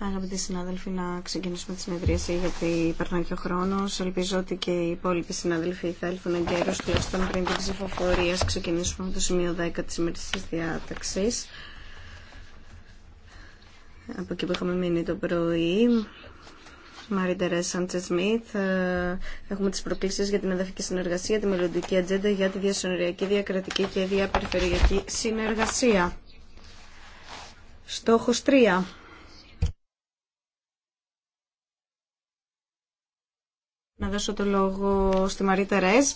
Αγαπητοί συνάδελφοι, να ξεκινήσουμε τη συνεδρίαση γιατί περνάει και ο χρόνο. Ελπίζω ότι και οι υπόλοιποι συνάδελφοι θα έλθουν εγκαίρω τουλάχιστον πριν την ψηφοφορία. Ξεκινήσουμε με το σημείο 10 τη ημερησία διάταξη. Από εκεί που είχαμε μείνει το πρωί. Μαρή Τερέζα Σμιθ. Ε, έχουμε τι προκλήσει για την εδαφική συνεργασία, τη μελλοντική ατζέντα για τη διασυνοριακή, διακρατική και διαπεριφερειακή συνεργασία. Στόχος 3. Να δώσω το λόγο στη Μαρή Τερέζ.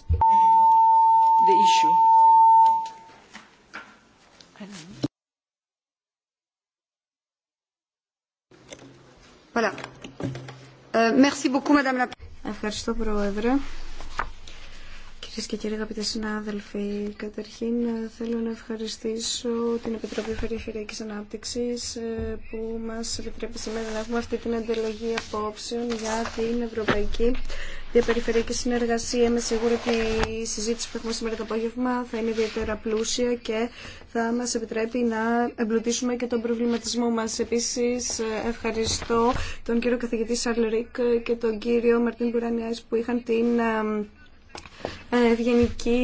Euh, Ευχαριστώ, Πρόεδρε. Κυρίε και κύριοι, αγαπητοί συνάδελφοι, καταρχήν ε, θέλω να ευχαριστήσω την Επιτροπή Περιφερειακή Ανάπτυξη ε, που μα επιτρέπει σήμερα να έχουμε αυτή την αντιλογή απόψεων για την Ευρωπαϊκή Διαπεριφερειακή Συνεργασία. Είμαι σίγουρη ότι η συζήτηση που έχουμε σήμερα το απόγευμα θα είναι ιδιαίτερα πλούσια και θα μα επιτρέπει να εμπλουτίσουμε και τον προβληματισμό μα. Επίση, ε, ευχαριστώ τον κύριο καθηγητή Σαρλ Ρίκ και τον κύριο Μαρτίν Κουρανιάη που είχαν την ε, ευγενική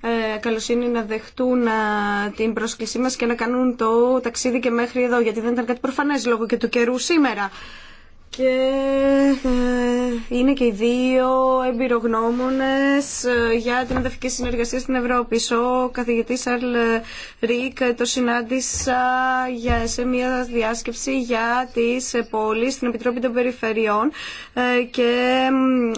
ε, καλοσύνη να δεχτούν ε, την πρόσκλησή μας και να κάνουν το ταξίδι και μέχρι εδώ, γιατί δεν ήταν κάτι προφανές λόγω και του καιρού σήμερα και ε, είναι και οι δύο εμπειρογνώμονες ε, για την ενταφική συνεργασία στην Ευρώπη. Ο καθηγητή Σαρλ Ρίκ ε, το συνάντησα σε μια διάσκεψη για τις πόλεις στην Επιτροπή των Περιφερειών και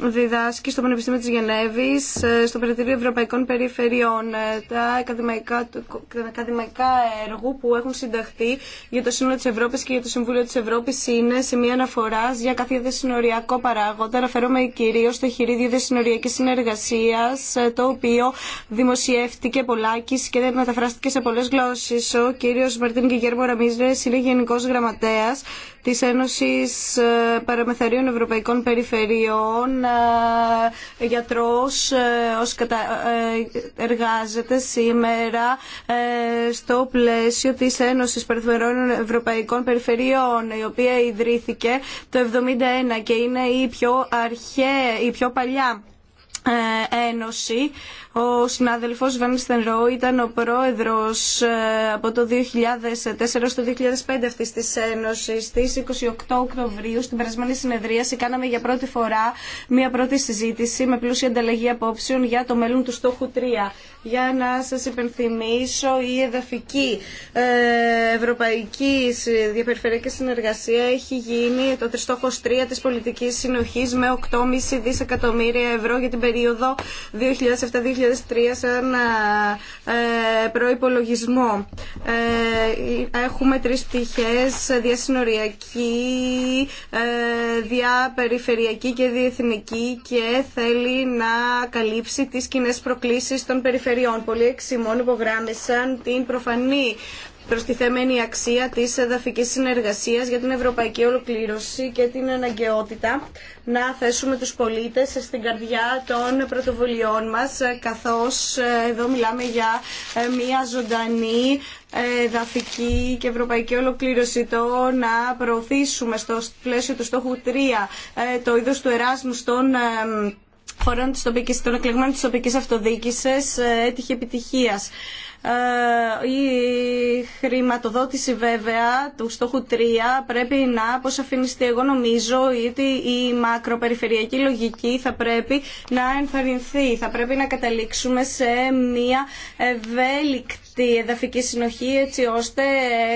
διδάσκει στο Πανεπιστήμιο της Γενέβης στο Περιτήριο Ευρωπαϊκών Περιφερειών τα ακαδημαϊκά, τα ακαδημαϊκά έργου που έχουν συνταχθεί για το Σύνολο της Ευρώπης και για το Συμβούλιο της Ευρώπης είναι σε μια αναφορά για κάθε δεσυνοριακό παράγοντα. Αναφέρομαι κυρίω στο χειρίδιο δεσυνοριακή συνεργασία, το οποίο δημοσιεύτηκε πολλάκι και δεν μεταφράστηκε σε πολλέ γλώσσε. Ο κύριο Μαρτίν Κιγέρμο Ραμίζρε είναι γενικό γραμματέα τη Ένωση ε, Παραμεθαρίων Ευρωπαϊκών Περιφερειών ε, γιατρό, ε, κατα... εργάζεται σήμερα στο πλαίσιο τη Ένωση Παραμεθαρίων Ευρωπαϊκών Περιφερειών η οποία ιδρύθηκε το 71 και είναι η πιο αρχαία, η πιο παλιά ε, Ένωση. Ο συνάδελφος Βένιστεν Ρο ήταν ο πρόεδρος ε, από το 2004 στο 2005 αυτής της Ένωσης. Στις 28 Οκτωβρίου στην περασμένη συνεδρίαση κάναμε για πρώτη φορά μία πρώτη συζήτηση με πλούσια ανταλλαγή απόψεων για το μέλλον του στόχου 3. Για να σας υπενθυμίσω, η εδαφική ε, ευρωπαϊκή διαπεριφερειακή συνεργασία έχει γίνει το στόχος 3 της πολιτικής συνοχής με 8,5 δισεκατομμύρια ευρώ για την περίοδο 2007-2003 σαν ε, ε, προϋπολογισμό. Ε, έχουμε τρεις πτυχές, διασυνοριακή, διαπεριφερειακή και διεθνική και θέλει να καλύψει τις κοινέ προκλήσεις των περιφερειών. Πολλοί εξημών υπογράμμισαν την προφανή προστιθέμενη αξία της εδαφικής συνεργασίας για την ευρωπαϊκή ολοκλήρωση και την αναγκαιότητα να θέσουμε τους πολίτες στην καρδιά των πρωτοβουλειών μας καθώς ε, εδώ μιλάμε για ε, μια ζωντανή ε, εδαφική και ευρωπαϊκή ολοκλήρωση το να προωθήσουμε στο πλαίσιο του στόχου 3 το είδος του Εράσμου στον των εκλεγμένων της τοπικής αυτοδιοίκησης έτυχε επιτυχίας. Ε, η χρηματοδότηση βέβαια του στόχου 3 πρέπει να αποσαφινιστεί. Εγώ νομίζω ότι η μακροπεριφερειακή λογική θα πρέπει να ενθαρρυνθεί. Θα πρέπει να καταλήξουμε σε μια ευέλικτη τη εδαφική συνοχή έτσι ώστε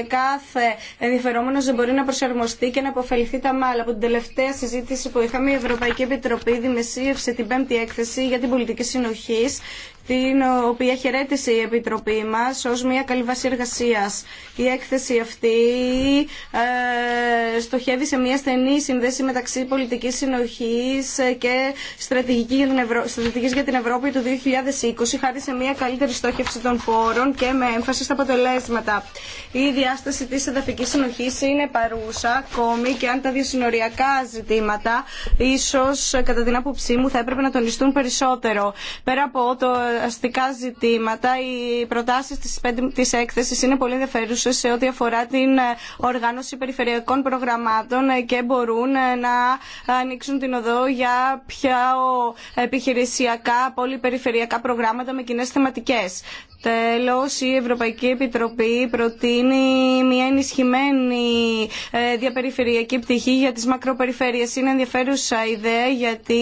κάθε ενδιαφερόμενος δεν μπορεί να προσαρμοστεί και να αποφεληθεί τα μάλλα. Από την τελευταία συζήτηση που είχαμε η Ευρωπαϊκή Επιτροπή δημεσίευσε την πέμπτη έκθεση για την πολιτική συνοχή την οποία χαιρέτησε η Επιτροπή μας ως μια καλή βάση εργασίας. Η έκθεση αυτή ε, στοχεύει σε μια στενή συνδέση μεταξύ πολιτικής συνοχής και στρατηγικής για την Ευρώπη του 2020 χάρη σε μια καλύτερη στόχευση των πόρων και με έμφαση στα αποτελέσματα. Η διάσταση της εδαφικής συνοχής είναι παρούσα ακόμη και αν τα διασυνοριακά ζητήματα ίσως κατά την άποψή μου θα έπρεπε να τονιστούν περισσότερο. Πέρα από το αστικά ζητήματα. Οι προτάσεις τη έκθεση είναι πολύ ενδιαφέρουσε σε ό,τι αφορά την ε, οργάνωση περιφερειακών προγραμμάτων ε, και μπορούν ε, να ανοίξουν την οδό για πιο επιχειρησιακά, πολυπεριφερειακά προγράμματα με κοινέ θεματικές. Τέλος, η Ευρωπαϊκή Επιτροπή προτείνει μια ενισχυμένη ε, διαπεριφερειακή πτυχή για τις μακροπεριφέρειες. Είναι ενδιαφέρουσα ιδέα γιατί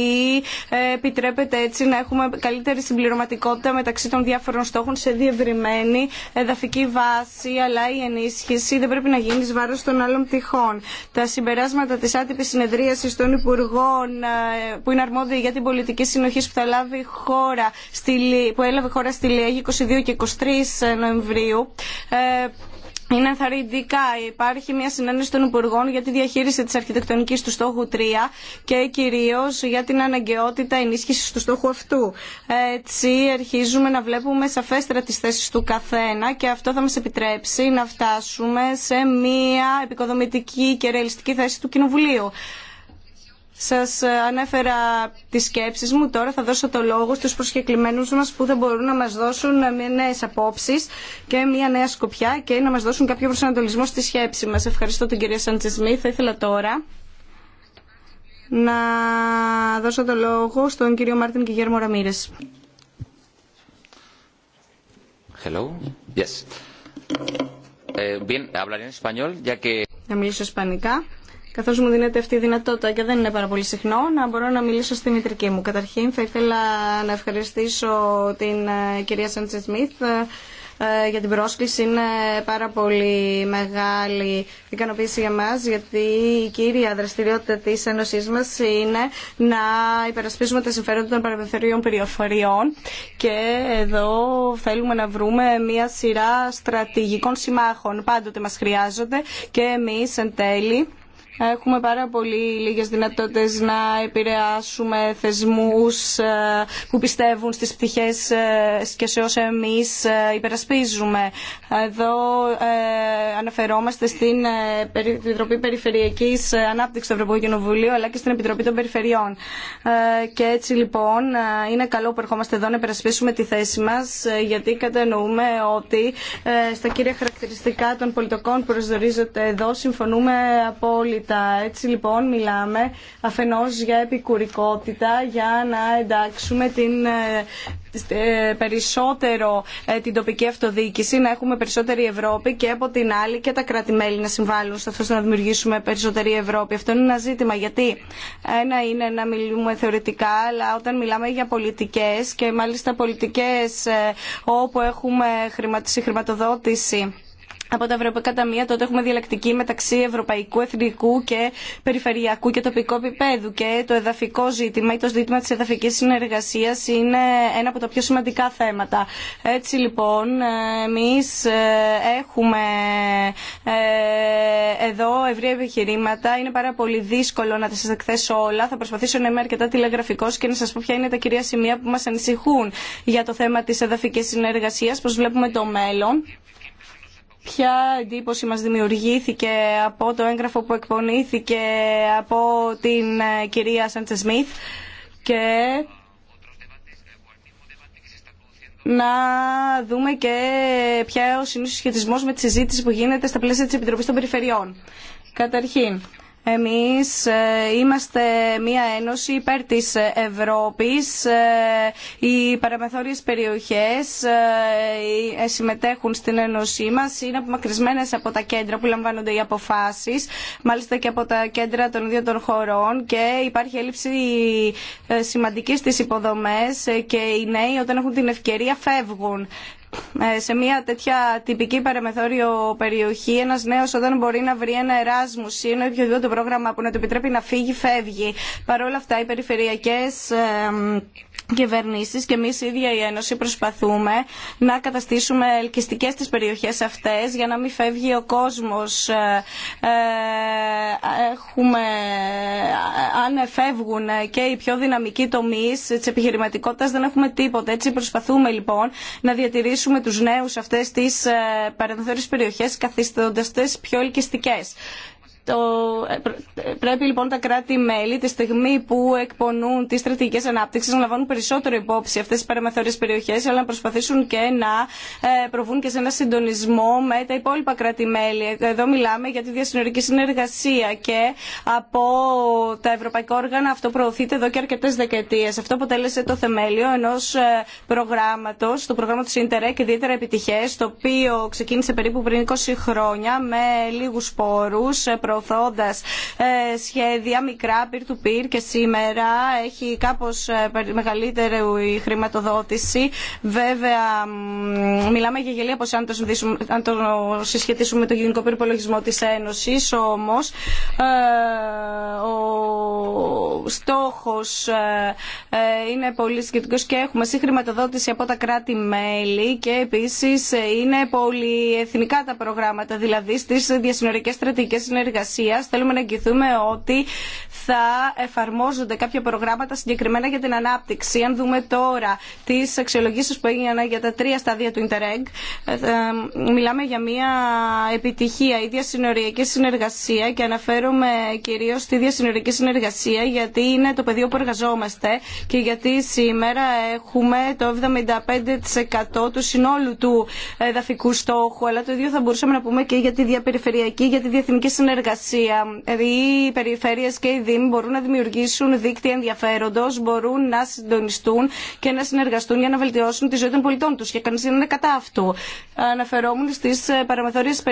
ε, επιτρέπεται έτσι να έχουμε καλύτερη συμπληρωματικότητα μεταξύ των διάφορων στόχων σε διευρυμένη εδαφική βάση, αλλά η ενίσχυση δεν πρέπει να γίνει βάρος των άλλων πτυχών. Τα συμπεράσματα της άτυπης συνεδρίασης των Υπουργών ε, που είναι αρμόδια για την πολιτική συνοχή που, θα λάβει χώρα, που έλαβε χώρα στη ΛΕΑ 22 και 23 Νοεμβρίου ε, είναι ενθαρρυντικά. Υπάρχει μια συνένεση των Υπουργών για τη διαχείριση τη αρχιτεκτονική του στόχου 3 και κυρίω για την αναγκαιότητα ενίσχυση του στόχου αυτού. Έτσι, αρχίζουμε να βλέπουμε σαφέστερα τι θέσει του καθένα και αυτό θα μα επιτρέψει να φτάσουμε σε μια επικοδομητική και ρεαλιστική θέση του Κοινοβουλίου. Σας ε, ανέφερα τις σκέψεις μου, τώρα θα δώσω το λόγο στους προσκεκλημένους μας που δεν μπορούν να μας δώσουν ε, νέες απόψεις και μια νέα σκοπιά και να μας δώσουν κάποιο προσανατολισμό στη σκέψη μας. Ευχαριστώ την κυρία Σμίθ. Θα ήθελα τώρα να δώσω το λόγο στον κύριο Μάρτιν και Γέρμο Ραμύρες. Hello. Yes. Eh, bien, hablaré en español, ya que... Να μιλήσω ισπανικά Καθώ μου δίνεται αυτή η δυνατότητα και δεν είναι πάρα πολύ συχνό, να μπορώ να μιλήσω στη μητρική μου. Καταρχήν θα ήθελα να ευχαριστήσω την ε, κυρία Σάντσε Σμιθ ε, για την πρόσκληση. Είναι πάρα πολύ μεγάλη ικανοποίηση για μας, γιατί η κύρια δραστηριότητα της Ένωσής μας είναι να υπερασπίσουμε τα συμφέροντα των παραπευθερίων περιοφοριών και εδώ θέλουμε να βρούμε μια σειρά στρατηγικών συμμάχων. Πάντοτε μας χρειάζονται και εμείς εν τέλει Έχουμε πάρα πολύ λίγες δυνατότητες να επηρεάσουμε θεσμούς ε, που πιστεύουν στις πτυχές ε, και σε όσα εμείς ε, υπερασπίζουμε. Εδώ αναφερόμαστε στην Επιτροπή Περιφερειακής Ανάπτυξης του Ευρωπαϊκού Κοινοβουλίου αλλά και στην Επιτροπή των Περιφερειών. Και έτσι λοιπόν είναι καλό που ερχόμαστε εδώ να υπερασπίσουμε τη θέση μας γιατί κατανοούμε ότι στα κύρια χαρακτηριστικά των πολιτικών που προσδορίζονται εδώ συμφωνούμε απόλυτα έτσι λοιπόν μιλάμε αφενός για επικουρικότητα, για να εντάξουμε την ε, ε, περισσότερο ε, την τοπική αυτοδιοίκηση, να έχουμε περισσότερη Ευρώπη και από την άλλη και τα κράτη-μέλη να συμβάλλουν στο αυτό να δημιουργήσουμε περισσότερη Ευρώπη. Αυτό είναι ένα ζήτημα γιατί ένα είναι να μιλούμε θεωρητικά, αλλά όταν μιλάμε για πολιτικές και μάλιστα πολιτικέ όπου έχουμε χρηματοδότηση από τα Ευρωπαϊκά Ταμεία, τότε έχουμε διαλεκτική μεταξύ ευρωπαϊκού, εθνικού και περιφερειακού και τοπικού επίπεδου. Και το εδαφικό ζήτημα ή το ζήτημα τη εδαφική συνεργασία είναι ένα από τα πιο σημαντικά θέματα. Έτσι λοιπόν, εμεί ε, έχουμε ε, εδώ ευρία επιχειρήματα. Είναι πάρα πολύ δύσκολο να τα σα εκθέσω όλα. Θα προσπαθήσω να είμαι αρκετά τηλεγραφικό και να σα πω ποια είναι τα κυρία σημεία που μα ανησυχούν για το θέμα τη εδαφική συνεργασία, πώ βλέπουμε το μέλλον ποια εντύπωση μας δημιουργήθηκε από το έγγραφο που εκπονήθηκε από την ε, κυρία Σάντσε Σμιθ και να δούμε και ποια είναι ο σχετισμός με τη συζήτηση που γίνεται στα πλαίσια της Επιτροπής των Περιφερειών. Καταρχήν, εμείς ε, είμαστε μια ένωση υπέρ της Ευρώπης. Ε, οι παραμεθόριες περιοχές ε, συμμετέχουν στην ένωσή μας. Είναι απομακρυσμένες από τα κέντρα που λαμβάνονται οι αποφάσεις, μάλιστα και από τα κέντρα των δύο των χωρών και υπάρχει έλλειψη σημαντική στις υποδομές και οι νέοι όταν έχουν την ευκαιρία φεύγουν ε, σε μια τέτοια τυπική παραμεθόριο περιοχή ένα νέο όταν μπορεί να βρει ένα εράσμου ή ένα οποιοδήποτε πρόγραμμα που να του επιτρέπει να φύγει, φεύγει. Παρ' όλα αυτά οι περιφερειακέ κυβερνήσεις και εμείς η ίδια η Ένωση προσπαθούμε να καταστήσουμε ελκυστικές τις περιοχές αυτές για να μην φεύγει ο κόσμος. Ε, ε, έχουμε, αν φεύγουν και οι πιο δυναμικοί τομείς της επιχειρηματικότητας δεν έχουμε τίποτα. Έτσι προσπαθούμε λοιπόν να διατηρήσουμε αφήσουμε τους νέους αυτές τις ε, παρενθώρες περιοχές καθιστώντας τις πιο ελκυστικές. Το, ε, ε, πρέπει λοιπόν τα κράτη-μέλη τη στιγμή που εκπονούν τι στρατηγικέ ανάπτυξη να λαμβάνουν περισσότερο υπόψη αυτέ τι παραμεθόριε περιοχέ, αλλά να προσπαθήσουν και να ε, προβούν και σε ένα συντονισμό με τα υπόλοιπα κράτη-μέλη. Εδώ μιλάμε για τη διασυνορική συνεργασία και από τα ευρωπαϊκά όργανα αυτό προωθείται εδώ και αρκετέ δεκαετίε. Αυτό αποτέλεσε το θεμέλιο ενό προγράμματο, του προγράμματο Interreg, ιδιαίτερα επιτυχέ, το οποίο ξεκίνησε περίπου πριν 20 χρόνια με λίγου πόρου, προωθώντας ε, σχέδια μικρά peer-to-peer και σήμερα έχει κάπως ε, μεγαλύτερη η χρηματοδότηση. Βέβαια, μιλάμε για γελία πως αν το συσχετίσουμε με το γενικό περιπολογισμό της Ένωσης, όμως ε, ο στόχος είναι πολύ σχετικό και έχουμε συγχρηματοδότηση από τα κράτη-μέλη και επίσης είναι πολυεθνικά τα προγράμματα, δηλαδή στι διασυνορικές στρατηγικές συνεργασίες θέλουμε να εγγυηθούμε ότι θα εφαρμόζονται κάποια προγράμματα συγκεκριμένα για την ανάπτυξη. Αν δούμε τώρα τι αξιολογήσει που έγιναν για τα τρία στάδια του Interreg, ε, μιλάμε για μια επιτυχία, η διασυνοριακή συνεργασία και αναφέρομαι κυρίω στη διασυνοριακή συνεργασία γιατί είναι το πεδίο που εργαζόμαστε και γιατί σήμερα έχουμε το 75% του συνόλου του εδαφικού στόχου, αλλά το ίδιο θα μπορούσαμε να πούμε και για τη διαπεριφερειακή, για τη διεθνική συνεργασία Δηλαδή, οι περιφέρειες και οι Δήμοι μπορούν να δημιουργήσουν δίκτυα ενδιαφέροντος, μπορούν να συντονιστούν και να συνεργαστούν για να βελτιώσουν τη ζωή των πολιτών τους και κανείς δεν είναι κατά αυτού. Αναφερόμουν στις ε, παραμεθόριες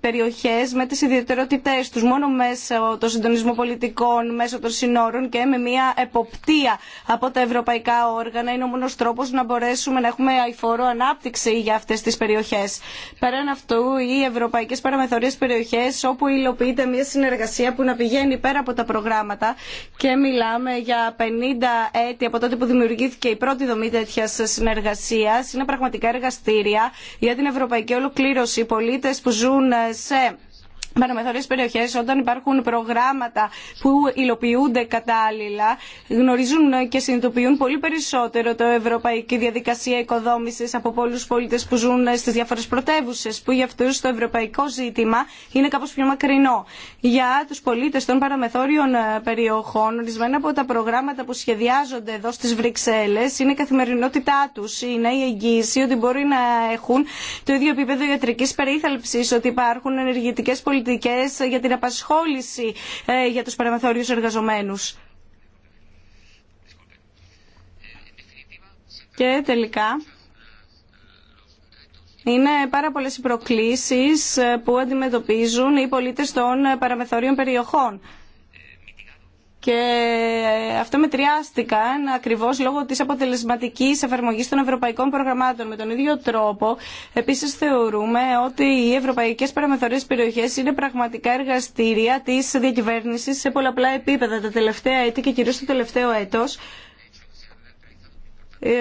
περιοχές με τις ιδιαιτερότητές τους, μόνο μέσω το συντονισμό πολιτικών, μέσω των συνόρων και με μια εποπτεία από τα ευρωπαϊκά όργανα είναι ο μόνος τρόπος να μπορέσουμε να έχουμε αηφόρο ανάπτυξη για αυτές τις περιοχές. Πέραν αυτού, οι ευρωπαϊκές παραμεθόριες περιοχές όπου υλο πραγματοποιείται μια συνεργασία που να πηγαίνει πέρα από τα προγράμματα και μιλάμε για 50 έτη από τότε που δημιουργήθηκε η πρώτη δομή τέτοια συνεργασία. Είναι πραγματικά εργαστήρια για την ευρωπαϊκή ολοκλήρωση. Οι πολίτε που ζουν σε παραμεθόριε περιοχέ, όταν υπάρχουν προγράμματα που υλοποιούνται κατάλληλα γνωρίζουν και συνειδητοποιούν πολύ περισσότερο το ευρωπαϊκή διαδικασία οικοδόμησης από πολλούς πολίτε που ζουν στι διάφορε πρωτεύουσε, που για αυτού το ευρωπαϊκό ζήτημα είναι κάπω πιο μακρινό. Για του πολίτε των παραμεθόριων ε, περιοχών ορισμένα από τα προγράμματα που σχεδιάζονται εδώ στι Βρυξέλλε, είναι η καθημερινότητά του, είναι η εγγύηση ότι μπορεί να έχουν το ίδιο επίπεδο ιατρική περιθαλψη ότι υπάρχουν ενεργητικέ πολιτικέ για την απασχόληση ε, για τους παραμεθόριους εργαζομένου. Και τελικά, είναι πάρα πολλές οι προκλήσεις ε, που αντιμετωπίζουν οι πολίτες των παραμεθόριων περιοχών και ε, αυτό μετριάστηκαν ακριβώς λόγω της αποτελεσματικής εφαρμογής των ευρωπαϊκών προγραμμάτων. Με τον ίδιο τρόπο, επίσης θεωρούμε ότι οι ευρωπαϊκές παραμεθορές περιοχές είναι πραγματικά εργαστήρια της διακυβέρνησης σε πολλαπλά επίπεδα τα τελευταία έτη και κυρίως το τελευταίο έτος ε,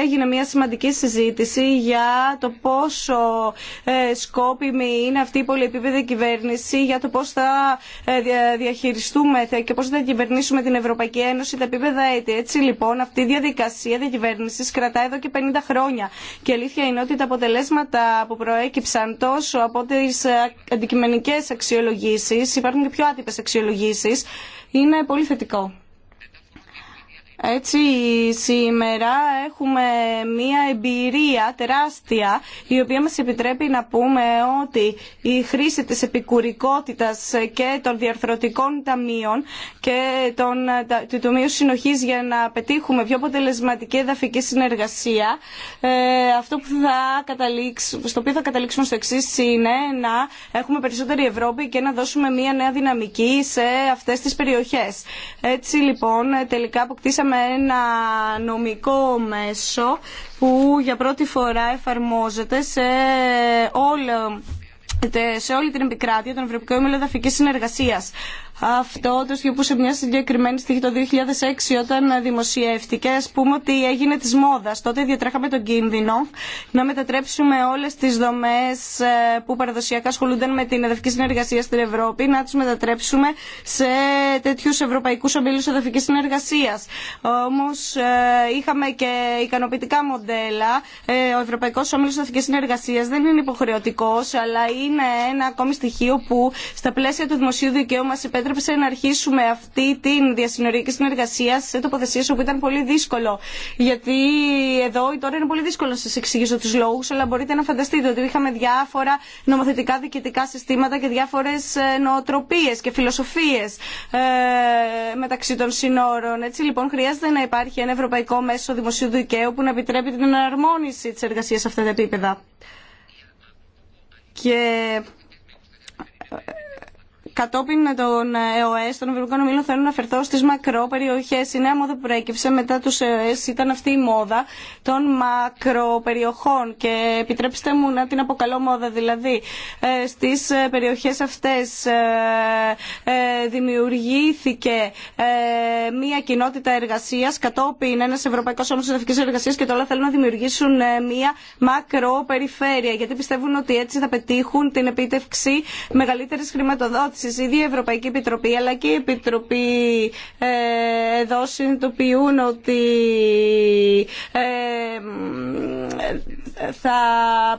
έγινε μια σημαντική συζήτηση για το πόσο ε, σκόπιμη είναι αυτή η πολυεπίπεδη κυβέρνηση, για το πώς θα ε, διαχειριστούμε και πώς θα διακυβερνήσουμε την Ευρωπαϊκή Ένωση τα επίπεδα έτη. Έτσι λοιπόν αυτή η διαδικασία διακυβέρνηση κρατάει εδώ και 50 χρόνια. Και αλήθεια είναι ότι τα αποτελέσματα που προέκυψαν τόσο από τις αντικειμενικές αξιολογήσεις, υπάρχουν και πιο άτυπες αξιολογήσεις, είναι πολύ θετικό. Έτσι σήμερα έχουμε μία εμπειρία τεράστια η οποία μας επιτρέπει να πούμε ότι η χρήση της επικουρικότητας και των διαρθρωτικών ταμείων και των, του Τομείου Συνοχής για να πετύχουμε πιο αποτελεσματική εδαφική συνεργασία ε, αυτό που θα καταλήξουμε, στο οποίο θα καταλήξουμε στο εξή είναι να έχουμε περισσότερη Ευρώπη και να δώσουμε μία νέα δυναμική σε αυτές τις περιοχές. Έτσι λοιπόν τελικά αποκτήσαμε με ένα νομικό μέσο που για πρώτη φορά εφαρμόζεται σε όλο σε όλη την επικράτεια των Ευρωπαϊκών Μελοδαφικής Συνεργασίας. Αυτό το σε μια συγκεκριμένη στιγμή το 2006 όταν δημοσιεύτηκε, ας πούμε ότι έγινε της μόδας. Τότε διατρέχαμε τον κίνδυνο να μετατρέψουμε όλες τις δομές ε, που παραδοσιακά ασχολούνταν με την εδαφική συνεργασία στην Ευρώπη, να τους μετατρέψουμε σε τέτοιους ευρωπαϊκούς ομίλους εδαφικής συνεργασίας. Όμως ε, είχαμε και ικανοποιητικά μοντέλα. Ε, ο Ευρωπαϊκός Ομίλος Εδαφικής Συνεργασίας δεν είναι υποχρεωτικός, αλλά είναι ένα ακόμη στοιχείο που στα πλαίσια του δημοσίου δικαίου μας επέτρεψε να αρχίσουμε αυτή τη διασυνορική συνεργασία σε τοποθεσίε όπου ήταν πολύ δύσκολο. Γιατί εδώ ή τώρα είναι πολύ δύσκολο να σα εξηγήσω του λόγου, αλλά μπορείτε να φανταστείτε ότι είχαμε διάφορα νομοθετικά διοικητικά συστήματα και διάφορε νοοτροπίε και φιλοσοφίε ε, μεταξύ των συνόρων. Έτσι λοιπόν χρειάζεται να υπάρχει ένα ευρωπαϊκό μέσο δημοσίου δικαίου που να επιτρέπει την εναρμόνιση τη εργασία σε αυτά τα επίπεδα. Και ε, Κατόπιν των ε, ΕΟΕΣ, των Ευρωπαϊκών Ομήλων, θέλω να αφαιρθώ στι μακρόπεριοχέ. Η νέα μόδα που προέκυψε μετά του ΕΟΕΣ ήταν αυτή η μόδα των μακροπεριοχών. Και επιτρέψτε μου να την αποκαλώ μόδα. Δηλαδή, ε, στι ε, περιοχέ αυτέ δημιουργήθηκε μία κοινότητα εργασία, κατόπιν ένα Ευρωπαϊκό ομω Εδαφική Εργασία και τώρα θέλουν να δημιουργήσουν μία μακροπεριφέρεια. Γιατί πιστεύουν ότι έτσι θα πετύχουν την επίτευξη μεγαλύτερη χρηματοδότηση Ήδη η Ευρωπαϊκή Επιτροπή αλλά και η Επιτροπή ε, εδώ συνειδητοποιούν ότι ε, θα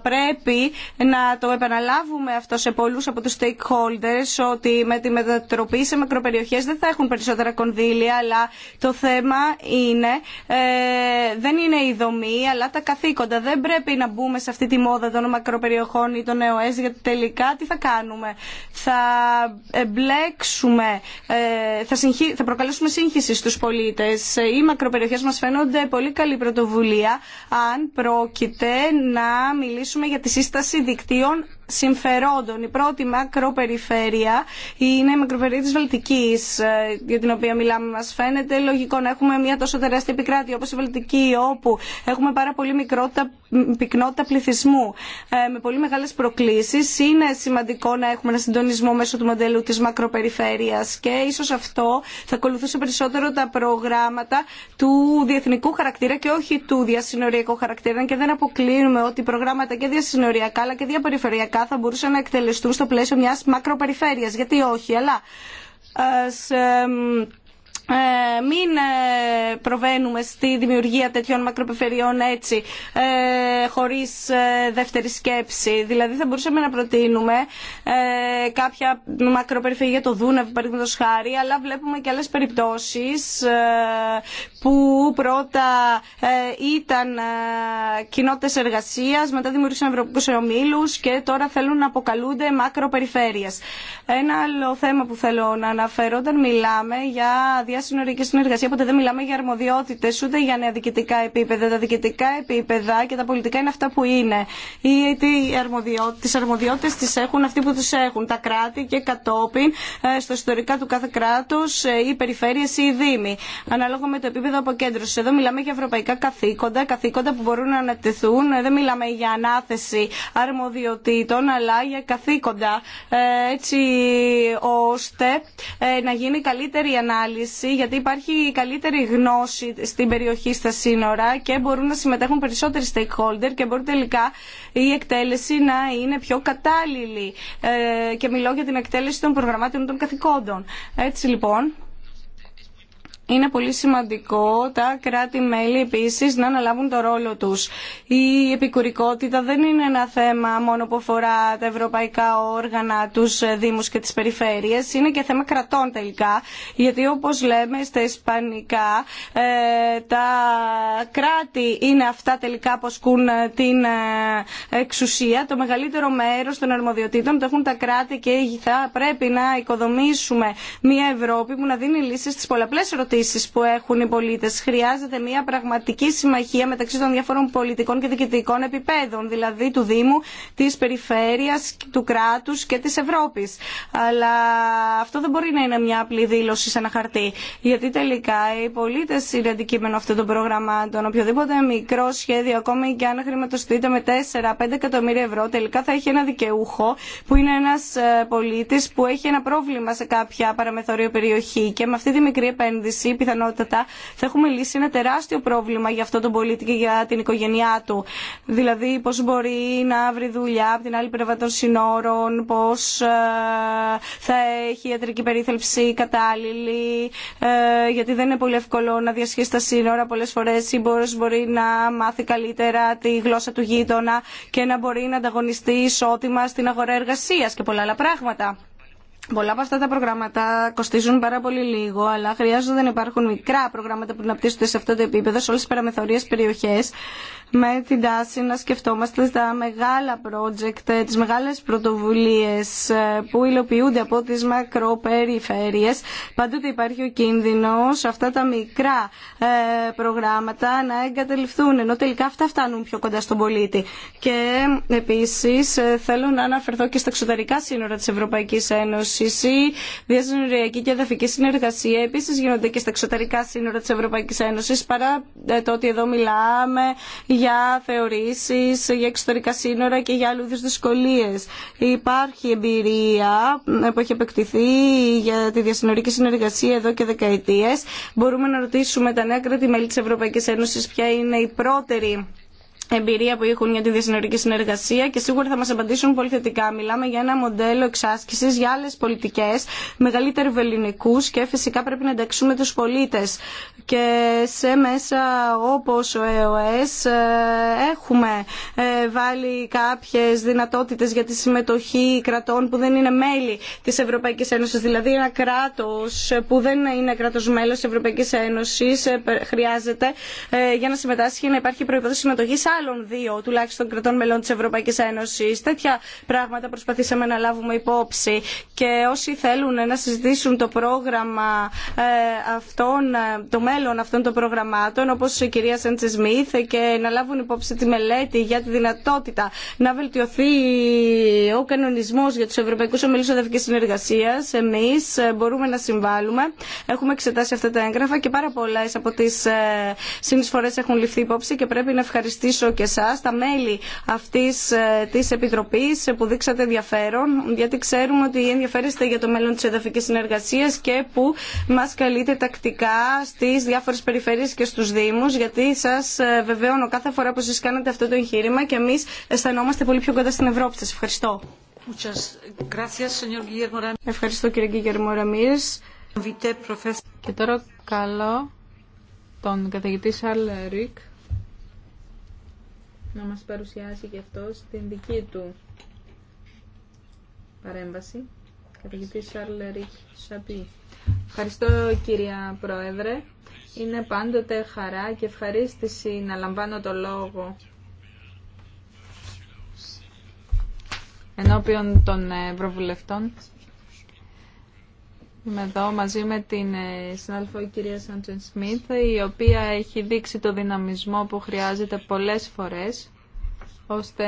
πρέπει να το επαναλάβουμε αυτό σε πολλούς από τους stakeholders ότι με τη μετατροπή σε μακροπεριοχές δεν θα έχουν περισσότερα κονδύλια αλλά το θέμα είναι ε, δεν είναι η δομή αλλά τα καθήκοντα. Δεν πρέπει να μπούμε σε αυτή τη μόδα των μακροπεριοχών ή των ΕΟΕΣ γιατί τελικά τι θα κάνουμε. Θα εμπλέξουμε, ε, θα, θα προκαλέσουμε σύγχυση στους πολίτες. Οι μακροπεριοχές μας φαίνονται πολύ καλή πρωτοβουλία αν πρόκειται να μιλήσουμε για τη σύσταση δικτύων συμφερόντων. Η πρώτη μακροπεριφέρεια είναι η μακροπεριφέρεια τη Βαλτική, ε, για την οποία μιλάμε. μα φαίνεται λογικό να έχουμε μια τόσο τεράστια επικράτεια όπω η Βαλτική, όπου έχουμε πάρα πολύ μικρότητα, πυκνότητα πληθυσμού ε, με πολύ μεγάλε προκλήσει. Είναι σημαντικό να έχουμε ένα συντονισμό μέσω του μοντέλου τη μακροπεριφέρεια. και ίσω αυτό θα ακολουθούσε περισσότερο τα προγράμματα του διεθνικού χαρακτήρα και όχι του διασυνοριακού χαρακτήρα και δεν αποκλείουμε ότι προγράμματα και διασυνοριακά αλλά και διαπεριφερειακά θα μπορούσαν να εκτελεστούν στο πλαίσιο μιας μακροπεριφέρειας. Γιατί όχι, αλλά ας, ε, ε, μην ε, προβαίνουμε στη δημιουργία τέτοιων μακροπεριφερειών έτσι ε, χωρίς ε, δεύτερη σκέψη. Δηλαδή θα μπορούσαμε να προτείνουμε κάποια μακροπεριφερεια για το Δούνευ, παραδείγματος χάρη αλλά βλέπουμε και άλλες περιπτώσεις που πρώτα ήταν κοινότητες εργασίας μετά δημιούργησαν ευρωπαϊκούς ομίλους και τώρα θέλουν να αποκαλούνται μακροπεριφέρειες. Ένα άλλο θέμα που θέλω να αναφέρω όταν μιλάμε για συνορική συνεργασία, οπότε δεν μιλάμε για αρμοδιότητε ούτε για νέα διοικητικά επίπεδα. Τα διοικητικά επίπεδα και τα πολιτικά είναι αυτά που είναι. Ή τι αρμοδιότητε τι έχουν αυτοί που του έχουν. Τα κράτη και κατόπιν ε, στο ιστορικά του κάθε κράτου ε, οι περιφέρειε ή οι δήμοι. Ανάλογα με το επίπεδο αποκέντρωση. Εδώ μιλάμε για ευρωπαϊκά καθήκοντα, καθήκοντα που μπορούν να ανατεθούν. Ε, δεν μιλάμε για ανάθεση αρμοδιοτήτων, αλλά για καθήκοντα έτσι ώστε να γίνει καλύτερη ανάλυση γιατί υπάρχει καλύτερη γνώση στην περιοχή στα σύνορα και μπορούν να συμμετέχουν περισσότεροι stakeholder και μπορεί τελικά η εκτέλεση να είναι πιο κατάλληλη. Ε, και μιλώ για την εκτέλεση των προγραμμάτων των καθηκόντων. Έτσι λοιπόν είναι πολύ σημαντικό τα κράτη-μέλη επίσης να αναλάβουν το ρόλο τους. Η επικουρικότητα δεν είναι ένα θέμα μόνο που αφορά τα ευρωπαϊκά όργανα, τους δήμους και τις περιφέρειες. Είναι και θέμα κρατών τελικά, γιατί όπως λέμε στα ισπανικά ε, τα κράτη είναι αυτά τελικά που ασκούν ε, την ε, εξουσία. Το μεγαλύτερο μέρος των αρμοδιοτήτων το έχουν τα κράτη και θα πρέπει να οικοδομήσουμε μια Ευρώπη που να δίνει λύσεις στις πολλαπλές ερωτήσεις που έχουν οι πολίτες. Χρειάζεται μια πραγματική συμμαχία μεταξύ των διαφόρων πολιτικών και διοικητικών επιπέδων, δηλαδή του Δήμου, της Περιφέρειας, του κράτους και της Ευρώπης. Αλλά αυτό δεν μπορεί να είναι μια απλή δήλωση σε ένα χαρτί, γιατί τελικά οι πολίτες είναι αντικείμενο αυτών των προγραμμάτων. Οποιοδήποτε μικρό σχέδιο, ακόμη και αν χρηματοστείτε με 4-5 εκατομμύρια ευρώ, τελικά θα έχει ένα δικαιούχο που είναι ένας ε, πολίτης που έχει ένα πρόβλημα σε κάποια παραμεθόριο περιοχή και με αυτή τη μικρή επένδυση η πιθανότατα θα έχουμε λύσει ένα τεράστιο πρόβλημα για αυτό τον πολίτη και για την οικογένειά του. Δηλαδή πώς μπορεί να βρει δουλειά από την άλλη πλευρά των συνόρων, πώς ε, θα έχει ιατρική περίθελψη, κατάλληλη, ε, γιατί δεν είναι πολύ εύκολο να διασχίσει τα σύνορα πολλές φορές ή μπορεί να μάθει καλύτερα τη γλώσσα του γείτονα και να μπορεί να ανταγωνιστεί ισότιμα στην αγορά εργασίας και πολλά άλλα πράγματα. Πολλά από αυτά τα προγράμματα κοστίζουν πάρα πολύ λίγο, αλλά χρειάζονται να υπάρχουν μικρά προγράμματα που να πτήσονται σε αυτό το επίπεδο, σε όλε τι παραμεθορίε περιοχέ, με την τάση να σκεφτόμαστε τα μεγάλα project, ε, τις μεγάλες πρωτοβουλίες ε, που υλοποιούνται από τις μακροπεριφέρειες. Πάντοτε υπάρχει ο κίνδυνος αυτά τα μικρά ε, προγράμματα να εγκαταλειφθούν, ενώ τελικά αυτά φτάνουν πιο κοντά στον πολίτη. Και επίσης θέλω να αναφερθώ και στα εξωτερικά σύνορα της Ευρωπαϊκής Ένωσης. Η διασυνοριακή και εδαφική συνεργασία επίσης γίνονται και στα εξωτερικά σύνορα της Ευρωπαϊκής Ένωσης, παρά το ότι εδώ μιλάμε για θεωρήσει για εξωτερικά σύνορα και για άλλου δυσκολίε. δυσκολίες. Υπάρχει εμπειρία που έχει επεκτηθεί για τη διασυνορική συνεργασία εδώ και δεκαετίες. Μπορούμε να ρωτήσουμε τα νέα κράτη-μέλη της Ευρωπαϊκής Ένωσης ποια είναι η πρώτερη εμπειρία που έχουν για τη διασυνορική συνεργασία και σίγουρα θα μα απαντήσουν πολύ θετικά. Μιλάμε για ένα μοντέλο εξάσκηση για άλλε πολιτικέ, μεγαλύτερου ελληνικού και φυσικά πρέπει να ενταξούμε του πολίτε και σε μέσα όπως ο ΕΟΕΣ ε, έχουμε ε, βάλει κάποιες δυνατότητες για τη συμμετοχή κρατών που δεν είναι μέλη της Ευρωπαϊκής Ένωσης. Δηλαδή ένα κράτος που δεν είναι κράτος μέλος της Ευρωπαϊκής Ένωσης ε, χρειάζεται για να συμμετάσχει να υπάρχει προϋπόθεση συμμετοχής άλλων δύο τουλάχιστον κρατών μελών της Ευρωπαϊκής Ένωσης. Τέτοια πράγματα προσπαθήσαμε να λάβουμε υπόψη και όσοι θέλουν να συζητήσουν το πρόγραμμα αυτών, το μέλλον αυτών των προγραμμάτων, όπω η κυρία Σέντσε Σμιθ, και να λάβουν υπόψη τη μελέτη για τη δυνατότητα να βελτιωθεί ο κανονισμό για του Ευρωπαϊκού Ομιλού Εδαφική Συνεργασία, Εμεί ε, μπορούμε να συμβάλλουμε. Έχουμε εξετάσει αυτά τα έγγραφα και πάρα πολλέ από τι ε, συνεισφορέ έχουν ληφθεί υπόψη και πρέπει να ευχαριστήσω και εσά, τα μέλη αυτή ε, τη επιτροπή που δείξατε ενδιαφέρον, γιατί ξέρουμε ότι ενδιαφέρεστε για το μέλλον τη εδαφική συνεργασία και που μα καλείτε τακτικά στις διάφορες περιφερειές και στους Δήμους, γιατί σας ε, βεβαιώνω κάθε φορά που σας κάνετε αυτό το εγχείρημα και εμείς αισθανόμαστε πολύ πιο κοντά στην Ευρώπη. Σας ευχαριστώ. Ευχαριστώ κύριε Γκίγερμο Ραμίρες. Και τώρα καλώ τον καθηγητή Σαρλ Ρίκ να μας παρουσιάσει και αυτό την δική του παρέμβαση. Καθηγητή Σαρλ Ρίκ Σαπί. Ευχαριστώ κυρία Πρόεδρε. Είναι πάντοτε χαρά και ευχαρίστηση να λαμβάνω το λόγο ενώπιον των Ευρωβουλευτών. Είμαι εδώ μαζί με την ε, συνάδελφο κυρία Σάντζεν Σμιθ, η οποία έχει δείξει το δυναμισμό που χρειάζεται πολλές φορές, ώστε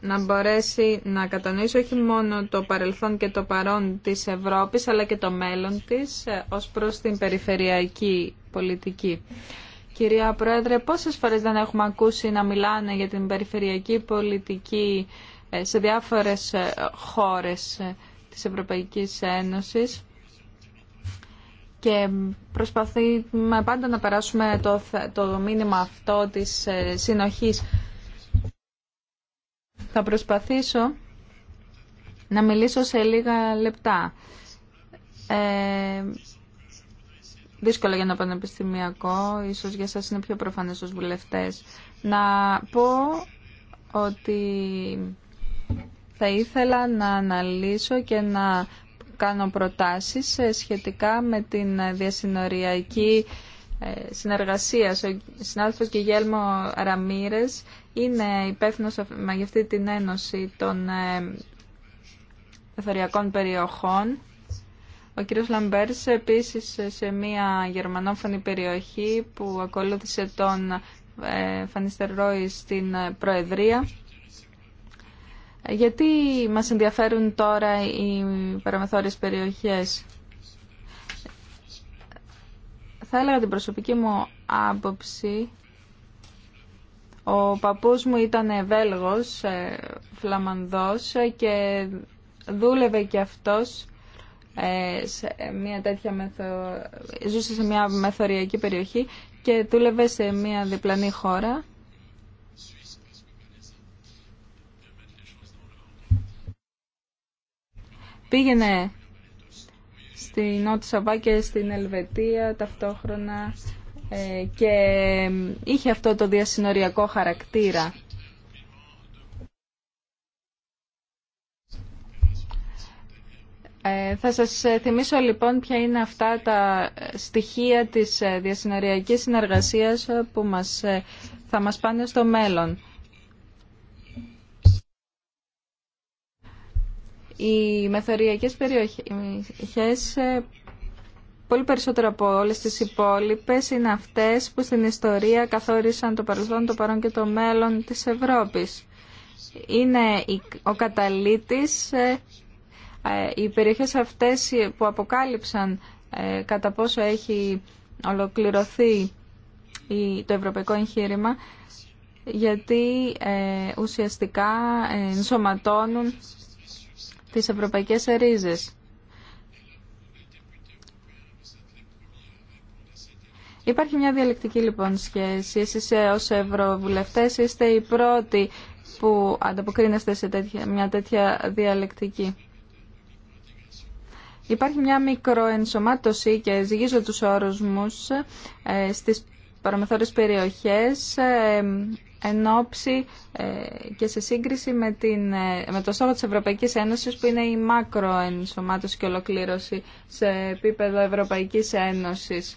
να μπορέσει να κατανοήσει όχι μόνο το παρελθόν και το παρόν της Ευρώπης αλλά και το μέλλον της ε, ως προς την περιφερειακή πολιτική. Κυρία Πρόεδρε, πόσες φορές δεν έχουμε ακούσει να μιλάνε για την περιφερειακή πολιτική ε, σε διάφορες ε, χώρες της Ευρωπαϊκής Ένωσης και προσπαθούμε πάντα να περάσουμε το, το μήνυμα αυτό της συνοχής θα προσπαθήσω να μιλήσω σε λίγα λεπτά. Ε, δύσκολο για ένα πανεπιστημιακό, ίσως για σας είναι πιο προφανές ως βουλευτές. Να πω ότι θα ήθελα να αναλύσω και να κάνω προτάσεις σχετικά με την διασυνοριακή ε, συνεργασία. Ο συνάδελφος Γιγέλμο Ραμύρες είναι υπεύθυνος για αυτή την ένωση των ε, εθωριακών περιοχών. Ο κύριος Λαμπέρς επίσης σε μια γερμανόφωνη περιοχή που ακολούθησε τον ε, Φανιστερρόη στην ε, Προεδρία. Γιατί μας ενδιαφέρουν τώρα οι παραμεθόρειες περιοχές. Θα έλεγα την προσωπική μου άποψη ο παππούς μου ήταν Βέλγος, ε, φλαμανδός ε, και δούλευε και αυτός ε, σε μια τέτοια μεθο... ζούσε σε μια μεθοριακή περιοχή και δούλευε σε μια διπλανή χώρα. Πήγαινε στη Νότια και στην Ελβετία ταυτόχρονα ε, και είχε αυτό το διασυνοριακό χαρακτήρα. Ε, θα σας ε, θυμίσω λοιπόν ποια είναι αυτά τα στοιχεία της διασυνοριακής συνεργασίας που μας, θα μας πάνε στο μέλλον. Οι μεθοριακές περιοχές πολύ περισσότερο από όλες τις υπόλοιπες είναι αυτές που στην ιστορία καθόρισαν το παρελθόν, το παρόν και το μέλλον της Ευρώπης. Είναι ο καταλήτης, ε, ε, οι περιοχές αυτές που αποκάλυψαν ε, κατά πόσο έχει ολοκληρωθεί το ευρωπαϊκό εγχείρημα, γιατί ουσιαστικά ενσωματώνουν τις ευρωπαϊκές ρίζες. Υπάρχει μια διαλεκτική λοιπόν σχέση. Εσείς ε, ως ευρωβουλευτές είστε οι πρώτοι που ανταποκρίνεστε σε τέτοια, μια τέτοια διαλεκτική. Υπάρχει μια μικροενσωμάτωση και ζυγίζω τους όρους μου ε, στις παραμεθόρες περιοχές ε, εν και σε σύγκριση με, την, με το στόχο της Ευρωπαϊκής Ένωσης που είναι η μακροενσωμάτωση και ολοκλήρωση σε επίπεδο Ευρωπαϊκής Ένωσης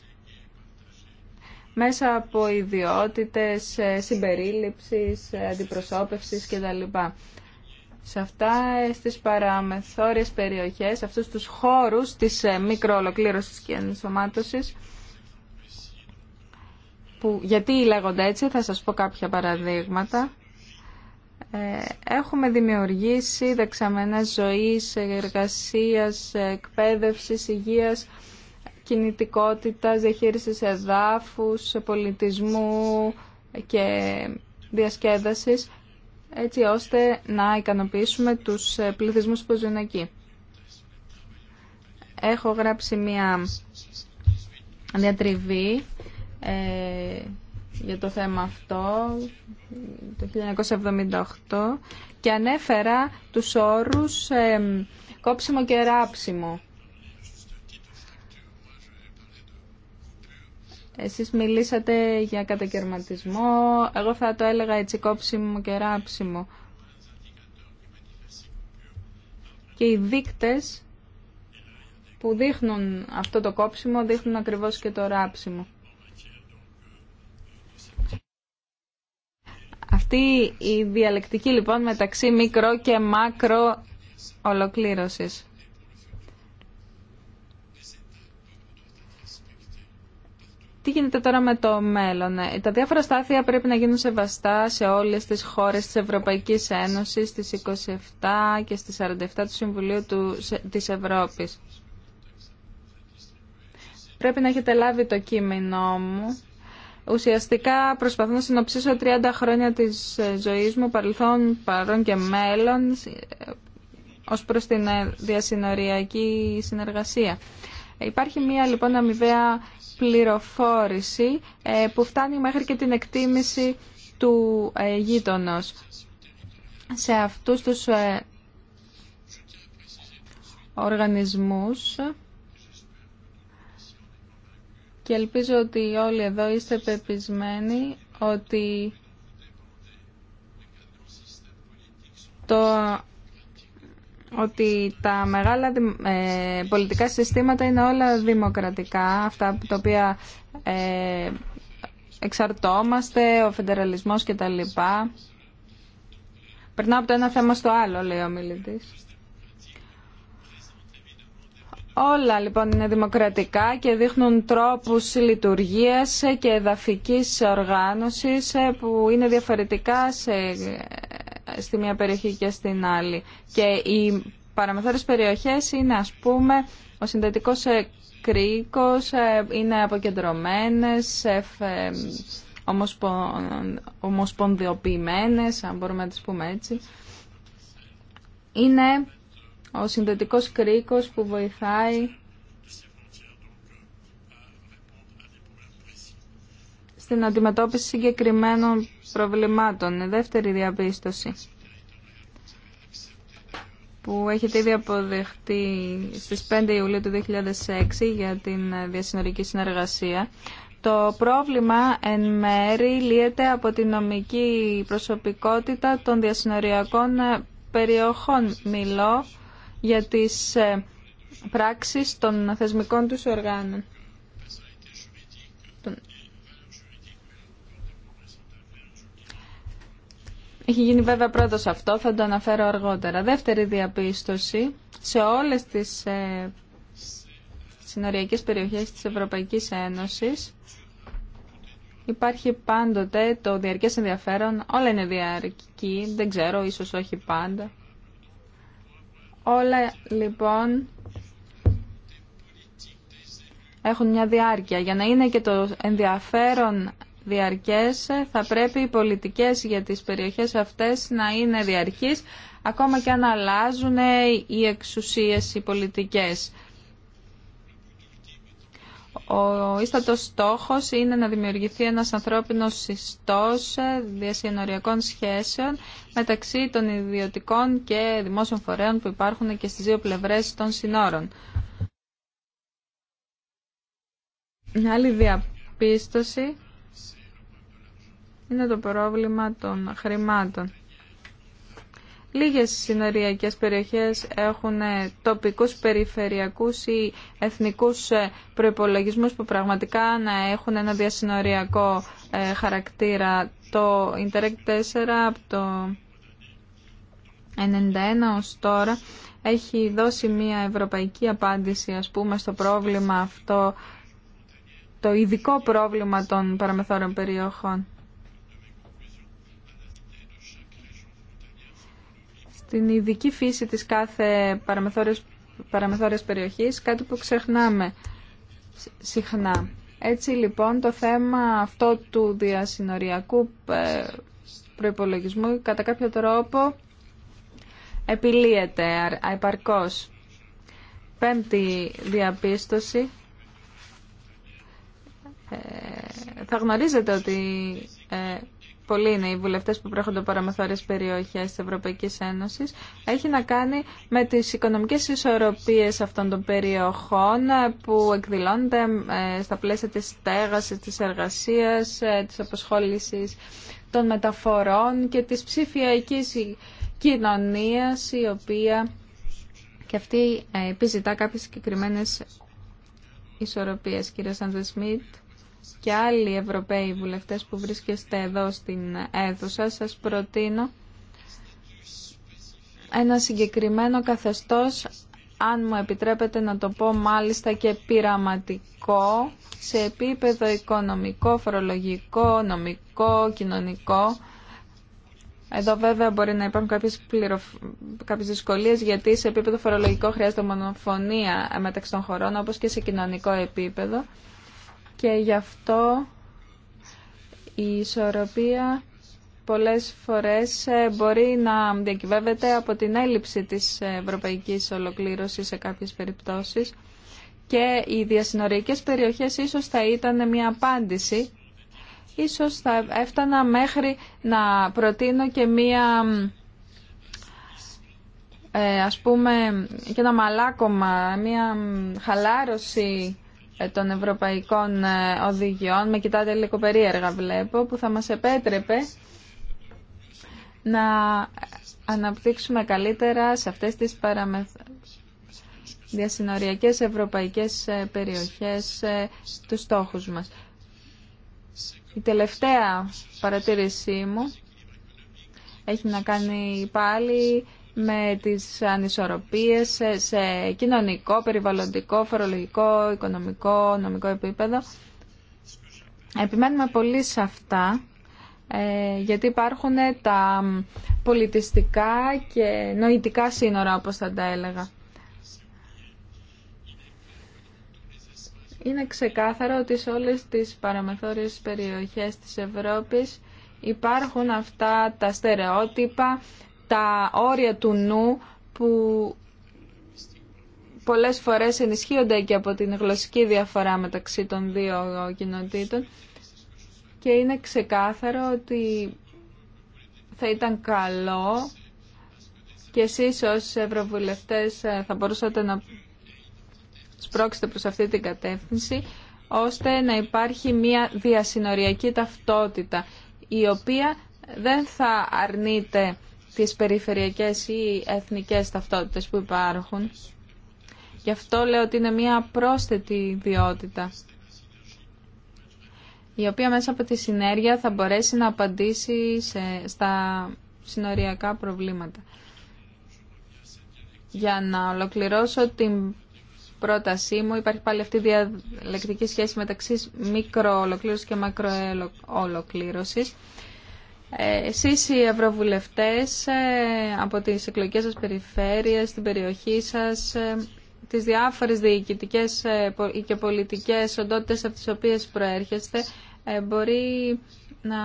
μέσα από ιδιότητες ε, συμπερίληψης, ε, αντιπροσώπευσης κτλ. Σε αυτά, ε, στις παραμεθόριες περιοχές, σε αυτούς τους χώρους της μικροολοκλήρωσης και ενσωμάτωσης, που, γιατί λέγονται έτσι, θα σας πω κάποια παραδείγματα. έχουμε δημιουργήσει δεξαμένες ζωής, εργασίας, εκπαίδευσης, υγείας, κινητικότητας, διαχείρισης εδάφους, πολιτισμού και διασκέδασης έτσι ώστε να ικανοποιήσουμε τους πληθυσμούς που ζουν εκεί. Έχω γράψει μία διατριβή ε, για το θέμα αυτό το 1978 και ανέφερα τους όρους ε, κόψιμο και ράψιμο. Εσείς μιλήσατε για κατακαιρματισμό, εγώ θα το έλεγα έτσι κόψιμο και ράψιμο. Και οι δείκτες που δείχνουν αυτό το κόψιμο δείχνουν ακριβώς και το ράψιμο. Αυτή η διαλεκτική λοιπόν μεταξύ μικρό και μάκρο ολοκλήρωσης. Τι γίνεται τώρα με το μέλλον. Ε, τα διάφορα στάθια πρέπει να γίνουν σεβαστά σε όλες τις χώρες της Ευρωπαϊκής Ένωσης, στις 27 και στις 47 του Συμβουλίου του, της Ευρώπης. Πρέπει να έχετε λάβει το κείμενό μου. Ουσιαστικά προσπαθώ να συνοψίσω 30 χρόνια της ε, ζωής μου, παρελθόν, παρόν και μέλλον, ε, ως προς την διασυνοριακή συνεργασία. Υπάρχει μία λοιπόν αμοιβαία πληροφόρηση ε, που φτάνει μέχρι και την εκτίμηση του ε, γείτονος. Σε αυτούς τους ε, οργανισμούς και ελπίζω ότι όλοι εδώ είστε πεπισμένοι ότι το ότι τα μεγάλα ε, πολιτικά συστήματα είναι όλα δημοκρατικά, αυτά από τα οποία ε, εξαρτώμαστε, ο φεντεραλισμός κτλ. Περνάω από το ένα θέμα στο άλλο, λέει ο μιλητής. Όλα λοιπόν είναι δημοκρατικά και δείχνουν τρόπους λειτουργίας και εδαφικής οργάνωσης ε, που είναι διαφορετικά σε στη μία περιοχή και στην άλλη. Και οι παραμεθόρες περιοχές είναι ας πούμε ο συνδετικός ε, κρίκος, ε, είναι αποκεντρωμένες, ε, ομοσπο, ομοσπονδιοποιημένες, αν μπορούμε να τις πούμε έτσι. Είναι ο συνδετικός κρίκος που βοηθάει στην αντιμετώπιση συγκεκριμένων προβλημάτων. Η δεύτερη διαπίστωση που έχετε ήδη αποδεχτεί στις 5 Ιουλίου του 2006 για την διασυνορική συνεργασία. Το πρόβλημα εν μέρη λύεται από την νομική προσωπικότητα των διασυνοριακών περιοχών. Μιλώ για τις ε, πράξεις των θεσμικών τους οργάνων. Έχει γίνει βέβαια πρώτο αυτό, θα το αναφέρω αργότερα. Δεύτερη διαπίστωση, σε όλες τι ε, συνοριακές περιοχές της Ευρωπαϊκής Ένωσης υπάρχει πάντοτε το διαρκές ενδιαφέρον, όλα είναι διαρκή, δεν ξέρω, ίσως όχι πάντα. Όλα λοιπόν έχουν μια διάρκεια για να είναι και το ενδιαφέρον διαρκές. Θα πρέπει οι πολιτικές για τις περιοχές αυτές να είναι διαρκείς, ακόμα και αν αλλάζουν οι εξουσίες, οι πολιτικές. Ο ίστατος στόχος είναι να δημιουργηθεί ένας ανθρώπινος συστός διασυνοριακών σχέσεων μεταξύ των ιδιωτικών και δημόσιων φορέων που υπάρχουν και στις δύο πλευρές των συνόρων. Μια άλλη διαπίστωση είναι το πρόβλημα των χρημάτων. Λίγες συνοριακές περιοχές έχουν τοπικούς, περιφερειακούς ή εθνικούς ε, προϋπολογισμούς που πραγματικά να έχουν ένα διασυνοριακό ε, χαρακτήρα. Το Interreg 4 από το 1991 ως τώρα έχει δώσει μια ευρωπαϊκή απάντηση ας πούμε στο πρόβλημα αυτό, το ειδικό πρόβλημα των παραμεθόρων περιοχών. την ειδική φύση της κάθε παραμεθόρειας, παραμεθόρειας περιοχής, κάτι που ξεχνάμε συχνά. Έτσι λοιπόν το θέμα αυτό του διασυνοριακού ε, προϋπολογισμού κατά κάποιο τρόπο επιλύεται επαρκώς. Πέμπτη διαπίστωση. Ε, θα γνωρίζετε ότι ε, πολλοί είναι οι βουλευτές που προέρχονται από παραμεθόριες περιοχές της Ευρωπαϊκής Ένωσης, έχει να κάνει με τις οικονομικές ισορροπίες αυτών των περιοχών που εκδηλώνονται ε, στα πλαίσια της στέγασης, της εργασίας, ε, της αποσχόληση των μεταφορών και της ψηφιακής κοινωνίας η οποία και αυτή ε, επιζητά κάποιες συγκεκριμένες ισορροπίες. Κύριε Σάντζεσμιτ, και άλλοι Ευρωπαίοι βουλευτές που βρίσκεστε εδώ στην αίθουσα, σας προτείνω ένα συγκεκριμένο καθεστώς, αν μου επιτρέπετε να το πω μάλιστα και πειραματικό, σε επίπεδο οικονομικό, φορολογικό, νομικό, κοινωνικό. Εδώ βέβαια μπορεί να υπάρχουν κάποιες, πληρο... δυσκολίες γιατί σε επίπεδο φορολογικό χρειάζεται μονοφωνία μεταξύ των χωρών όπως και σε κοινωνικό επίπεδο και γι' αυτό η ισορροπία πολλές φορές ε, μπορεί να διακυβεύεται από την έλλειψη της ευρωπαϊκής ολοκλήρωσης σε κάποιες περιπτώσεις και οι διασυνοριακές περιοχές ίσως θα ήταν μια απάντηση ίσως θα έφτανα μέχρι να προτείνω και μία ε, ας πούμε και ένα μαλάκωμα, μία χαλάρωση ε, των ευρωπαϊκών ε, οδηγιών, με κοιτάτε λίγο περίεργα βλέπω, που θα μας επέτρεπε να αναπτύξουμε καλύτερα σε αυτές τις παραμεθ... διασυνοριακές ευρωπαϊκές ε, περιοχές τους στόχους μας. Η τελευταία παρατήρησή μου έχει να κάνει πάλι με τις ανισορροπίες σε κοινωνικό, περιβαλλοντικό, φορολογικό, οικονομικό, νομικό επίπεδο. Επιμένουμε πολύ σε αυτά, ε, γιατί υπάρχουν τα πολιτιστικά και νοητικά σύνορα, όπως θα τα έλεγα. Είναι ξεκάθαρο ότι σε όλες τις παραμεθόρειες περιοχές της Ευρώπης υπάρχουν αυτά τα στερεότυπα, τα όρια του νου που πολλές φορές ενισχύονται και από την γλωσσική διαφορά μεταξύ των δύο κοινοτήτων και είναι ξεκάθαρο ότι θα ήταν καλό και εσείς ως ευρωβουλευτές ε, θα μπορούσατε να σπρώξετε προς αυτή την κατεύθυνση ώστε να υπάρχει μια διασυνοριακή ταυτότητα η οποία δεν θα αρνείται τις περιφερειακές ή εθνικές ταυτότητες που υπάρχουν. Γι' αυτό λέω ότι είναι μια πρόσθετη ιδιότητα, η οποία μέσα από τη συνέργεια θα μπορέσει να απαντήσει στα συνοριακά προβλήματα. Για να ολοκληρώσω την πρότασή μου, υπάρχει πάλι αυτή η διαλεκτική σχέση μεταξύ μικροολοκλήρωσης και μακροολοκλήρωσης. Ε, εσείς οι ευρωβουλευτές ε, από τις εκλογικές σας περιφέρειες, την περιοχή σας, ε, τις διάφορες διοικητικές και πολιτικές οντότητες από τις οποίες προέρχεστε, μπορεί να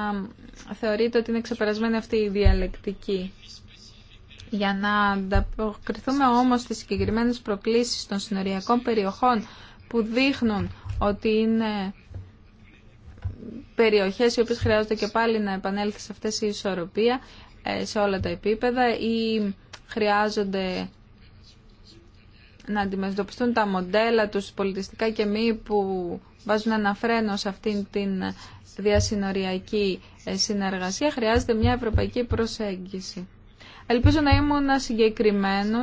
θεωρείτε ότι είναι ξεπερασμένη αυτή η διαλεκτική. Για να ανταποκριθούμε όμως στις συγκεκριμένες προκλήσεις των συνοριακών περιοχών που δείχνουν ότι είναι περιοχές οι οποίες χρειάζονται και πάλι να επανέλθει σε αυτές η ισορροπία ε, σε όλα τα επίπεδα ή χρειάζονται να αντιμετωπιστούν τα μοντέλα τους πολιτιστικά και μη που βάζουν ένα φρένο σε αυτήν την διασυνοριακή ε, συνεργασία χρειάζεται μια ευρωπαϊκή προσέγγιση. Ελπίζω να ήμουν συγκεκριμένο.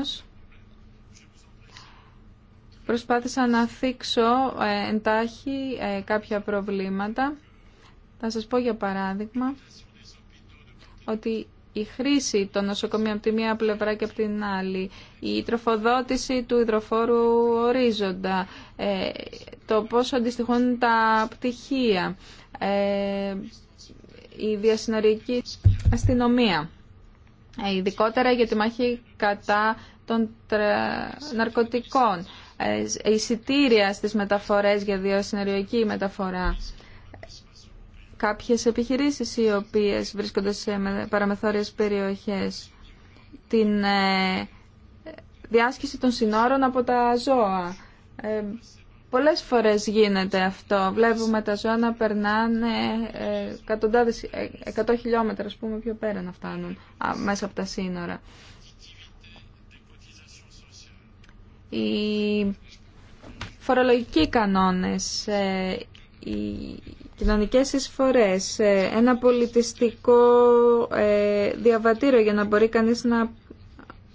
Προσπάθησα να θίξω ε, εντάχει κάποια προβλήματα. Θα σας πω για παράδειγμα ότι η χρήση των νοσοκομείων από τη μία πλευρά και από την άλλη, η τροφοδότηση του υδροφόρου ορίζοντα, ε, το πόσο αντιστοιχούν τα πτυχία, ε, η διασυνοριακή αστυνομία, ε, ειδικότερα για τη μάχη κατά των ναρκωτικών, εισιτήρια στις μεταφορές για διασυνοριακή μεταφορά κάποιες επιχειρήσεις οι οποίες βρίσκονται σε παραμεθόριες περιοχές. Την ε, διάσκηση των συνόρων από τα ζώα. Ε, πολλές φορές γίνεται αυτό. Βλέπουμε τα ζώα να περνάνε 100 ε, χιλιόμετρα, πούμε, πιο πέρα να φτάνουν μέσα από τα σύνορα. Οι φορολογικοί κανόνες, κοινωνικές εισφορές, ε, ένα πολιτιστικό ε, διαβατήριο για να μπορεί κανείς να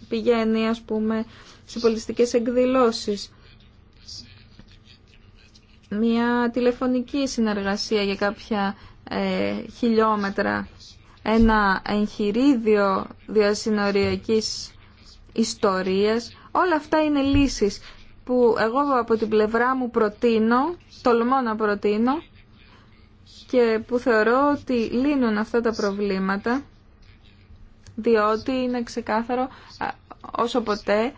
πηγαίνει ας πούμε σε πολιτιστικές εκδηλώσεις. Μια τηλεφωνική συνεργασία για κάποια ε, χιλιόμετρα, ένα εγχειρίδιο διασυνοριακής ιστορίας. Όλα αυτά είναι λύσεις που εγώ από την πλευρά μου προτείνω, τολμώ να προτείνω και που θεωρώ ότι λύνουν αυτά τα προβλήματα διότι είναι ξεκάθαρο όσο ποτέ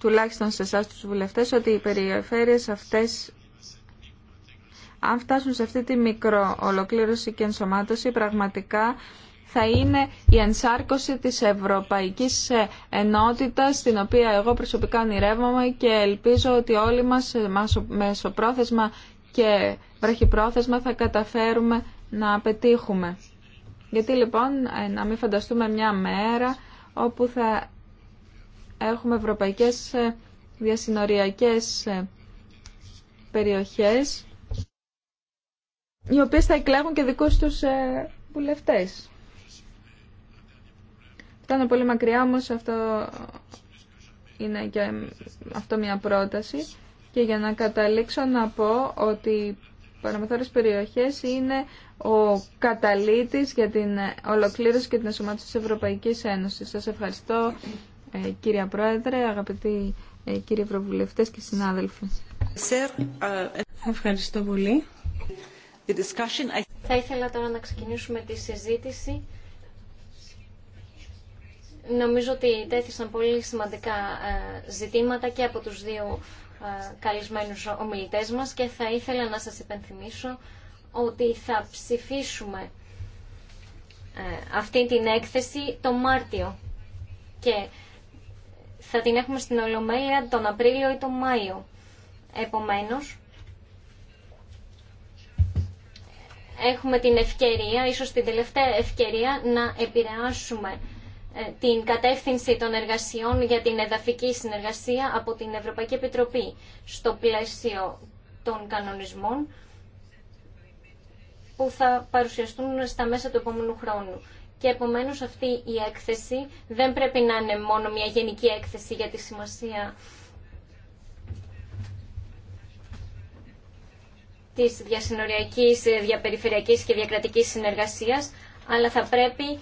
τουλάχιστον σε εσά τους βουλευτές ότι οι περιφέρειες αυτές αν φτάσουν σε αυτή τη μικρό ολοκλήρωση και ενσωμάτωση πραγματικά θα είναι η ενσάρκωση της Ευρωπαϊκής ε, Ενότητας στην οποία εγώ προσωπικά ονειρεύομαι και ελπίζω ότι όλοι μας ε, μεσοπρόθεσμα και βραχυπρόθεσμα θα καταφέρουμε να πετύχουμε. Γιατί λοιπόν ε, να μην φανταστούμε μια μέρα όπου θα έχουμε ευρωπαϊκές ε, διασυνοριακές ε, περιοχές οι οποίες θα εκλέγουν και δικούς τους βουλευτές. Φτάνω πολύ μακριά όμως αυτό είναι και αυτό μια πρόταση και για να καταλήξω να πω ότι παραμεθόρες περιοχές είναι ο καταλήτης για την ολοκλήρωση και την ενσωμάτωση της Ευρωπαϊκής Ένωσης. Σας ευχαριστώ κύριε Πρόεδρε, αγαπητοί ε, κύριοι Ευρωβουλευτές και συνάδελφοι. Uh, ευχαριστώ πολύ. Θα ήθελα τώρα να ξεκινήσουμε τη συζήτηση. Νομίζω ότι τέθησαν πολύ σημαντικά ε, ζητήματα και από τους δύο ε, καλυσμένους ομιλητές μας και θα ήθελα να σας υπενθυμίσω ότι θα ψηφίσουμε ε, αυτή την έκθεση το Μάρτιο και θα την έχουμε στην Ολομέλεια τον Απρίλιο ή τον Μάιο. Επομένως, έχουμε την ευκαιρία, ίσως την τελευταία ευκαιρία, να επηρεάσουμε ε, την κατεύθυνση των εργασιών για την εδαφική συνεργασία από την Ευρωπαϊκή Επιτροπή στο πλαίσιο των κανονισμών που θα παρουσιαστούν στα μέσα του επόμενου χρόνου. Και επομένως αυτή η έκθεση δεν πρέπει να είναι μόνο μια γενική έκθεση για τη σημασία της διασυνοριακής, διαπεριφερειακής και διακρατικής συνεργασίας, αλλά θα πρέπει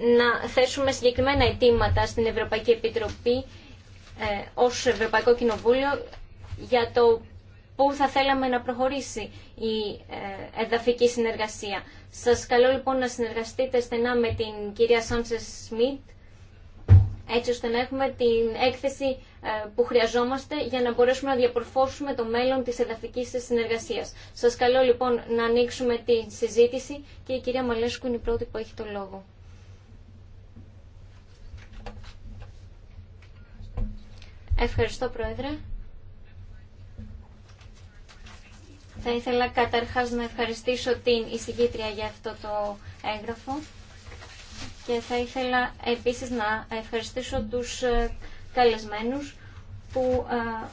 να θέσουμε συγκεκριμένα αιτήματα στην Ευρωπαϊκή Επιτροπή ε, ως Ευρωπαϊκό Κοινοβούλιο για το πού θα θέλαμε να προχωρήσει η ε, εδαφική συνεργασία. Σας καλώ λοιπόν να συνεργαστείτε στενά με την κυρία Σάντσε Σμιτ έτσι ώστε να έχουμε την έκθεση ε, που χρειαζόμαστε για να μπορέσουμε να διαπορφώσουμε το μέλλον της εδαφικής συνεργασίας. Σας καλώ λοιπόν να ανοίξουμε τη συζήτηση και η κυρία Μαλέσκου είναι η πρώτη που έχει το λόγο. Ευχαριστώ, Πρόεδρε. Θα ήθελα καταρχάς να ευχαριστήσω την εισηγήτρια για αυτό το έγγραφο και θα ήθελα επίσης να ευχαριστήσω τους ε, καλεσμένους που ε,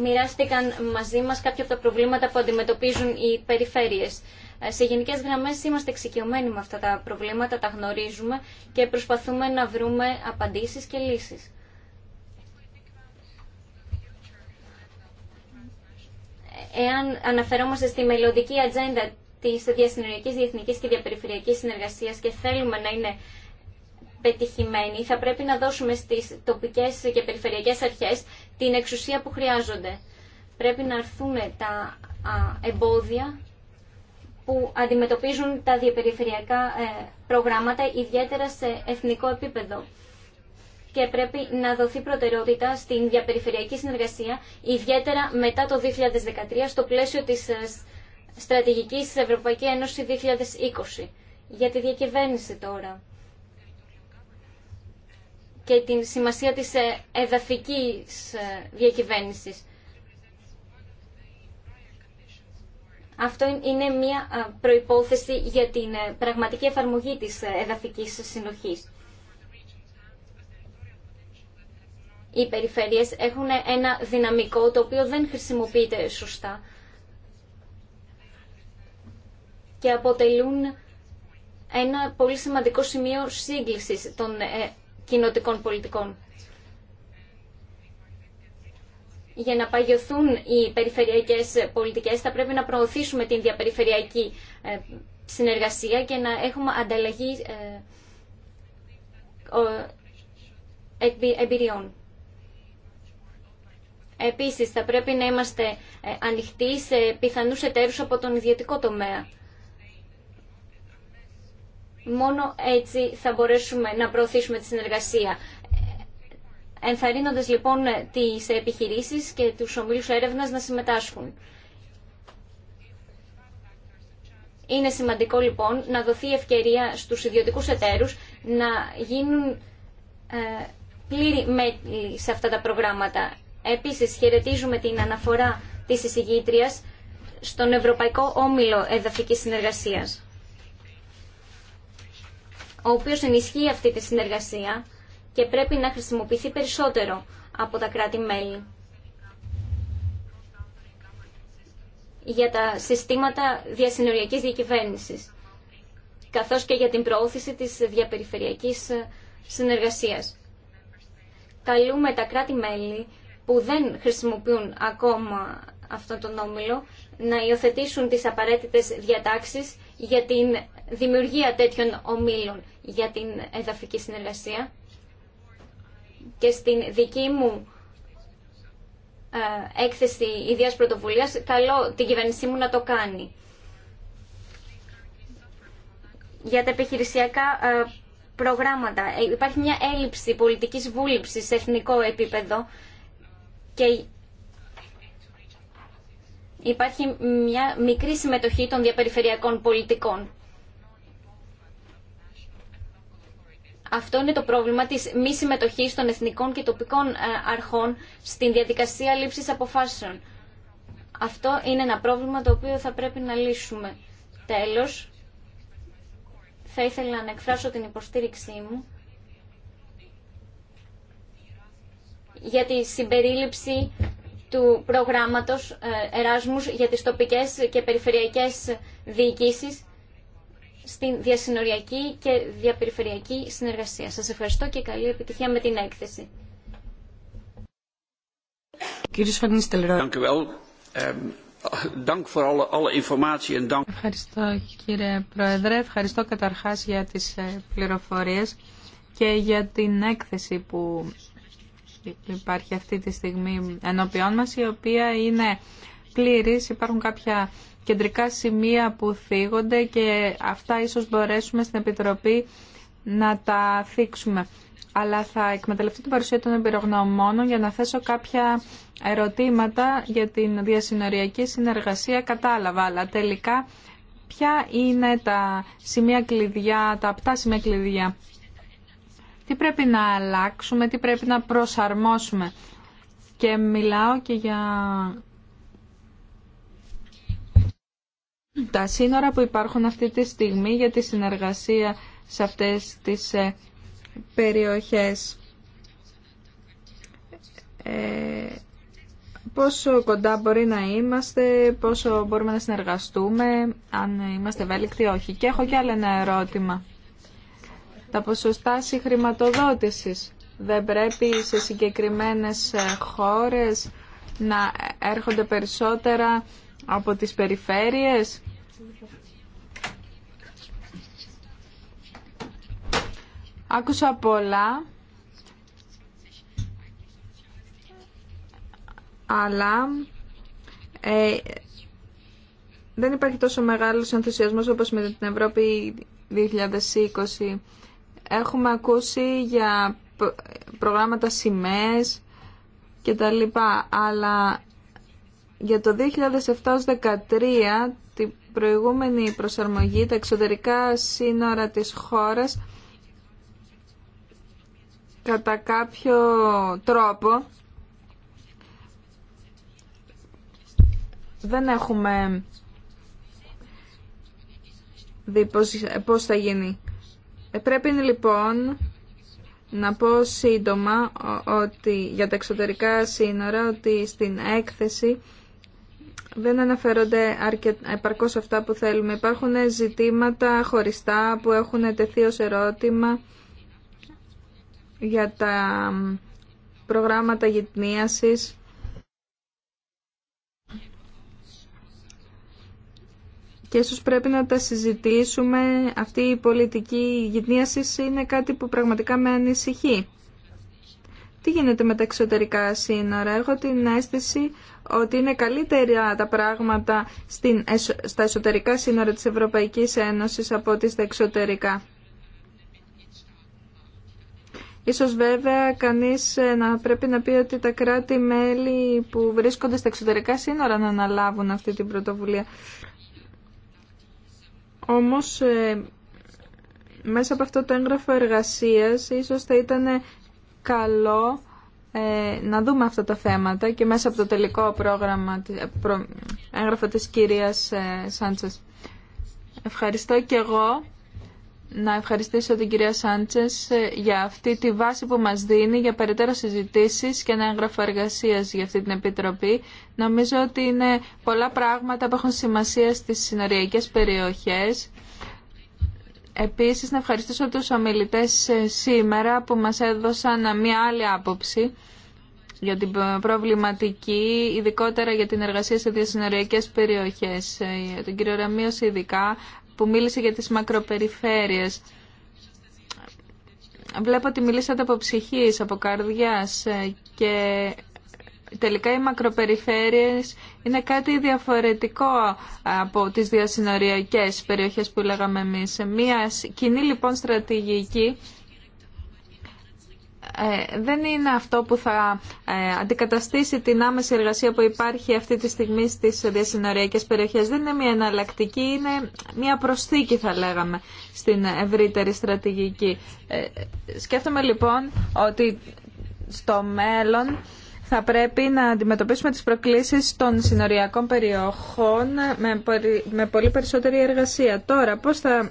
μοιράστηκαν μαζί μας κάποια από τα προβλήματα που αντιμετωπίζουν οι περιφέρειες. Ε, σε γενικές γραμμές είμαστε εξοικειωμένοι με αυτά τα προβλήματα, τα γνωρίζουμε και προσπαθούμε να βρούμε απαντήσεις και λύσεις. εάν αναφερόμαστε στη μελλοντική ατζέντα της διασυνοριακή διεθνική και διαπεριφερειακής συνεργασίας και θέλουμε να είναι πετυχημένοι, θα πρέπει να δώσουμε στις τοπικές και περιφερειακέ αρχές την εξουσία που χρειάζονται. Πρέπει να αρθούμε τα εμπόδια που αντιμετωπίζουν τα διαπεριφερειακά ε, προγράμματα, ιδιαίτερα σε εθνικό επίπεδο και πρέπει να δοθεί προτεραιότητα στην διαπεριφερειακή συνεργασία, ιδιαίτερα μετά το 2013, στο πλαίσιο της ε, στρατηγικής Ευρωπαϊκή Ένωση 2020. Για τη διακυβέρνηση τώρα και την σημασία της ε, εδαφικής ε, διακυβέρνησης. Αυτό είναι μια προϋπόθεση για την πραγματική εφαρμογή της εδαφικής συνοχής. οι περιφέρειες έχουν ένα δυναμικό το οποίο δεν χρησιμοποιείται σωστά και αποτελούν ένα πολύ σημαντικό σημείο σύγκλησης των ε, κοινοτικών πολιτικών. Για να παγιωθούν οι περιφερειακές πολιτικές θα πρέπει να προωθήσουμε την διαπεριφερειακή ε, συνεργασία και να έχουμε ανταλλαγή ε, εμπειριών. Επίσης, θα πρέπει να είμαστε ε, ανοιχτοί σε πιθανούς εταίρους από τον ιδιωτικό τομέα. Μόνο έτσι θα μπορέσουμε να προωθήσουμε τη συνεργασία. Ενθαρρύνοντας λοιπόν τις επιχειρήσεις και τους ομίλους έρευνας να συμμετάσχουν. Είναι σημαντικό λοιπόν να δοθεί ευκαιρία στους ιδιωτικούς εταίρους να γίνουν ε, πλήρη μέλη σε αυτά τα προγράμματα. Επίσης, χαιρετίζουμε την αναφορά της εισηγήτριας στον Ευρωπαϊκό Όμιλο Εδαφικής Συνεργασίας, ο οποίος ενισχύει αυτή τη συνεργασία και πρέπει να χρησιμοποιηθεί περισσότερο από τα κράτη-μέλη για τα συστήματα διασυνοριακής διακυβέρνησης, καθώς και για την προώθηση της διαπεριφερειακής συνεργασίας. Καλούμε τα κράτη-μέλη που δεν χρησιμοποιούν ακόμα αυτόν τον όμιλο να υιοθετήσουν τις απαραίτητες διατάξεις για την δημιουργία τέτοιων ομίλων για την εδαφική συνεργασία. Και στην δική μου ε, έκθεση ιδίας πρωτοβουλίας καλώ την κυβέρνησή μου να το κάνει. Για τα επιχειρησιακά ε, προγράμματα ε, υπάρχει μια έλλειψη πολιτικής βούληψης σε εθνικό επίπεδο και υπάρχει μια μικρή συμμετοχή των διαπεριφερειακών πολιτικών. Αυτό είναι το πρόβλημα της μη συμμετοχής των εθνικών και τοπικών ε, αρχών στην διαδικασία λήψης αποφάσεων. Αυτό είναι ένα πρόβλημα το οποίο θα πρέπει να λύσουμε. Τέλος, θα ήθελα να εκφράσω την υποστήριξή μου για τη συμπερίληψη του προγράμματος Εράσμους για τις τοπικές και περιφερειακές διοικήσεις στην διασυνοριακή και διαπεριφερειακή συνεργασία. Σας ευχαριστώ και καλή επιτυχία με την έκθεση. Ευχαριστώ κύριε Πρόεδρε. Ευχαριστώ καταρχάς για τις ε, πληροφορίες και για την έκθεση που υπάρχει αυτή τη στιγμή ενώπιόν μας, η οποία είναι πλήρης. Υπάρχουν κάποια κεντρικά σημεία που θίγονται και αυτά ίσως μπορέσουμε στην Επιτροπή να τα θίξουμε. Αλλά θα εκμεταλλευτεί την παρουσία των εμπειρογνωμόνων για να θέσω κάποια ερωτήματα για την διασυνοριακή συνεργασία. Κατάλαβα, αλλά τελικά ποια είναι τα σημεία κλειδιά, τα απτά σημεία κλειδιά τι πρέπει να αλλάξουμε, τι πρέπει να προσαρμόσουμε. Και μιλάω και για τα σύνορα που υπάρχουν αυτή τη στιγμή για τη συνεργασία σε αυτές τις ε, περιοχές. Ε, πόσο κοντά μπορεί να είμαστε, πόσο μπορούμε να συνεργαστούμε, αν είμαστε ευέλικτοι ή όχι. Και έχω και άλλο ένα ερώτημα τα ποσοστά συγχρηματοδότησης. Δεν πρέπει σε συγκεκριμένες ε, χώρες να ε, έρχονται περισσότερα από τις περιφέρειες. Άκουσα πολλά, αλλά ε, δεν υπάρχει τόσο μεγάλος ενθουσιασμός όπως με την Ευρώπη 2020. Έχουμε ακούσει για προγράμματα σημαίες και τα λοιπά, αλλά για το 2007-2013 την προηγούμενη προσαρμογή τα εξωτερικά σύνορα της χώρας κατά κάποιο τρόπο δεν έχουμε δει πώς, πώς θα γίνει ε, πρέπει λοιπόν να πω σύντομα ότι για τα εξωτερικά σύνορα ότι στην έκθεση δεν αναφέρονται αρκετά επαρκώς αυτά που θέλουμε. Υπάρχουν ζητήματα χωριστά που έχουν τεθεί ως ερώτημα για τα προγράμματα γυπνίασης. και ίσως πρέπει να τα συζητήσουμε. Αυτή η πολιτική γυμνίασης είναι κάτι που πραγματικά με ανησυχεί. Τι γίνεται με τα εξωτερικά σύνορα. Έχω την αίσθηση ότι είναι καλύτερα τα πράγματα στην, στα εσωτερικά σύνορα της Ευρωπαϊκής Ένωσης από ότι στα εξωτερικά. Ίσως βέβαια κανείς ε, να πρέπει να πει ότι τα κράτη-μέλη που βρίσκονται στα εξωτερικά σύνορα να αναλάβουν αυτή την πρωτοβουλία. Όμως ε, μέσα από αυτό το έγγραφο εργασίας ίσως θα ήταν καλό ε, να δούμε αυτά τα θέματα και μέσα από το τελικό πρόγραμμα, ε, έγγραφο της κυρίας Σάντσες. Ευχαριστώ και εγώ να ευχαριστήσω την κυρία Σάντσες ε, για αυτή τη βάση που μας δίνει για περαιτέρω συζητήσεις και ένα έγγραφο εργασία για αυτή την Επιτροπή. Νομίζω ότι είναι πολλά πράγματα που έχουν σημασία στις συνοριακές περιοχές. Επίσης, να ευχαριστήσω τους ομιλητές ε, σήμερα που μας έδωσαν μια άλλη άποψη για την προβληματική, ειδικότερα για την εργασία σε διασυνοριακές περιοχές. Ε, για τον κύριο Ραμίος ειδικά που μίλησε για τις μακροπεριφέρειες. Βλέπω ότι μιλήσατε από ψυχής, από καρδιάς ε, και τελικά οι μακροπεριφέρειες είναι κάτι διαφορετικό από τις διασυνοριακές περιοχές που λέγαμε εμείς. Μια κοινή λοιπόν στρατηγική ε, δεν είναι αυτό που θα ε, αντικαταστήσει την άμεση εργασία που υπάρχει αυτή τη στιγμή στις διασυνοριακές περιοχές. Δεν είναι μια εναλλακτική, είναι μια προσθήκη θα λέγαμε στην ευρύτερη στρατηγική. Ε, σκέφτομαι λοιπόν ότι στο μέλλον θα πρέπει να αντιμετωπίσουμε τις προκλήσεις των συνοριακών περιοχών με πολύ περισσότερη εργασία. Τώρα, πώς θα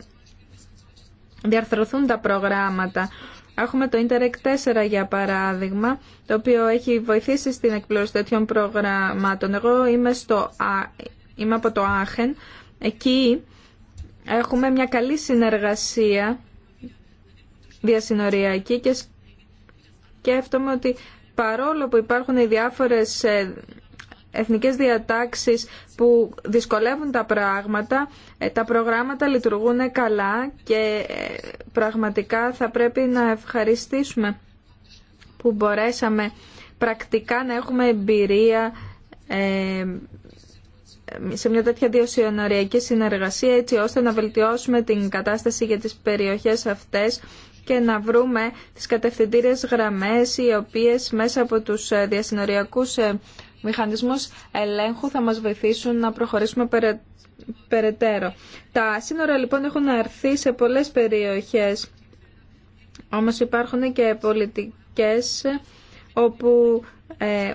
διαρθρωθούν τα προγράμματα Έχουμε το Interreg 4 για παράδειγμα, το οποίο έχει βοηθήσει στην εκπλήρωση τέτοιων προγραμμάτων. Εγώ είμαι, στο, είμαι από το Άχεν. Εκεί έχουμε μια καλή συνεργασία διασυνοριακή και σκέφτομαι ότι παρόλο που υπάρχουν οι διάφορες ε, εθνικές διατάξεις που δυσκολεύουν τα πράγματα, ε, τα προγράμματα λειτουργούν καλά και ε, πραγματικά θα πρέπει να ευχαριστήσουμε που μπορέσαμε πρακτικά να έχουμε εμπειρία ε, σε μια τέτοια διοσιονοριακή συνεργασία έτσι ώστε να βελτιώσουμε την κατάσταση για τις περιοχές αυτές και να βρούμε τις κατευθυντήριες γραμμές οι οποίες μέσα από τους διασυνοριακούς μηχανισμούς ελέγχου θα μας βοηθήσουν να προχωρήσουμε περαιτέρω. Τα σύνορα λοιπόν έχουν αρθεί σε πολλές περιοχές, όμως υπάρχουν και πολιτικές όπου ε,